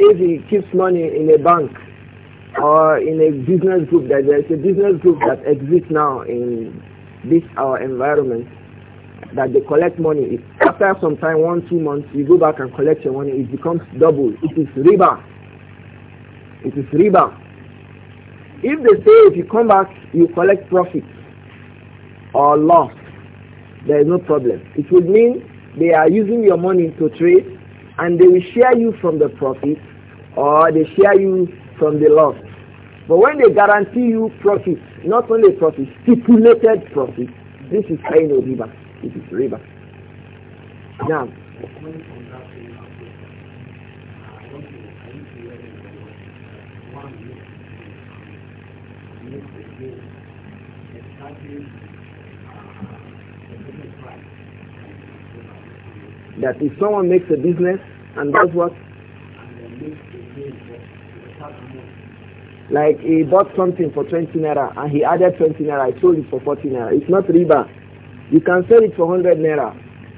If he keeps money in a bank or in a business group that there is a business group that exists now in this our environment that they collect money. If after some time, one, two months, you go back and collect your money, it becomes double. It is riba. It is riba. If they say if you come back, you collect profit or loss, there is no problem. It would mean they are using your money to trade and they will share you from the profit or they share you from the loss. But when they guarantee you profit, not only profit, stipulated profit, this is kind of riba. This is riba. Now, that if someone makes a business and does what? Like he bought something for 20 naira and he added 20 naira, I sold it for 40 naira. It's not riba. You can sell it for 100 naira.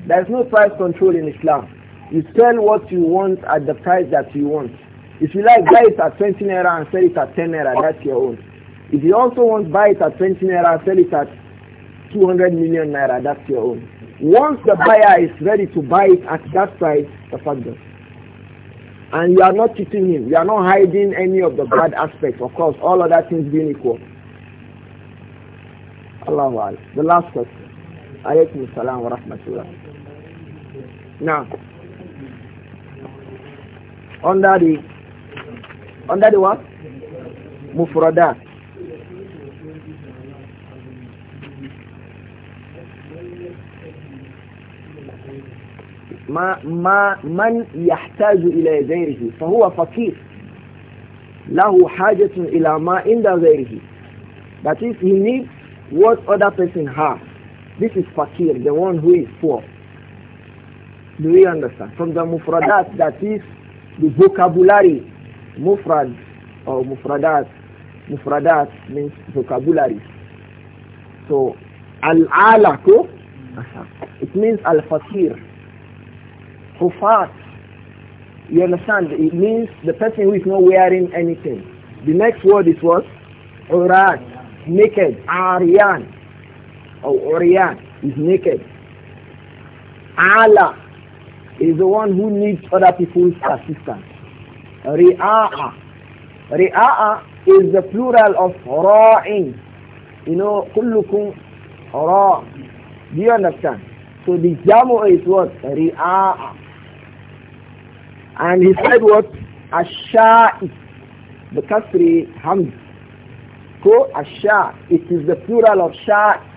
There is no price control in Islam. You sell what you want at the price that you want. If you like, buy it at 20 naira and sell it at 10 naira. That's your own. If you also want, buy it at 20 naira and sell it at 200 million naira. That's your own. Once the buyer is ready to buy it at that price, the father. And you are not cheating him. You are not hiding any of the bad aspects. Of course, all other things being equal. Allah, Allah. The last question. Alaykum salam wa rahmatullah. Now, under the under the what? ma man ما من يحتاج إلى غيره فهو فقير له حاجة ma ما عند But that is he needs what other person has this is fakir, the one who is poor. Do we understand? From the mufradat, that is the vocabulary. Mufrad or mufradat. Mufradat means vocabulary. So, al-alaku, it means al-fakir. Hufat, you understand? It means the person who is not wearing anything. The next word is what? Urat, naked, aryan or Uriyan is naked. Allah is the one who needs other people's assistance. Ri'a'a. Ri'a'a is the plural of ra'in. You know, kullukum ra. Do you understand? So the jamu is what? Ri'a'a. And he said what? Asha'i. The kasri hamd. Ko asha. It is the plural of sha'i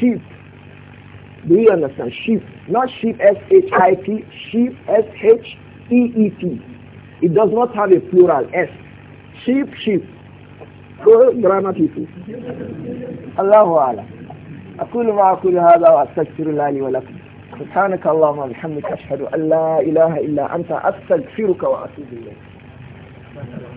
sheep. Do you understand? Sheep. Not sheep S-H-I-P, sheep S-H-E-E-T. It does not have a plural S. Sheep, sheep. Go grammar people. Allahu Alam. أقول ما أقول هذا وأستغفر الله لي ولكم سبحانك اللهم وبحمدك أشهد أن لا إله إلا أنت أستغفرك وأتوب إليك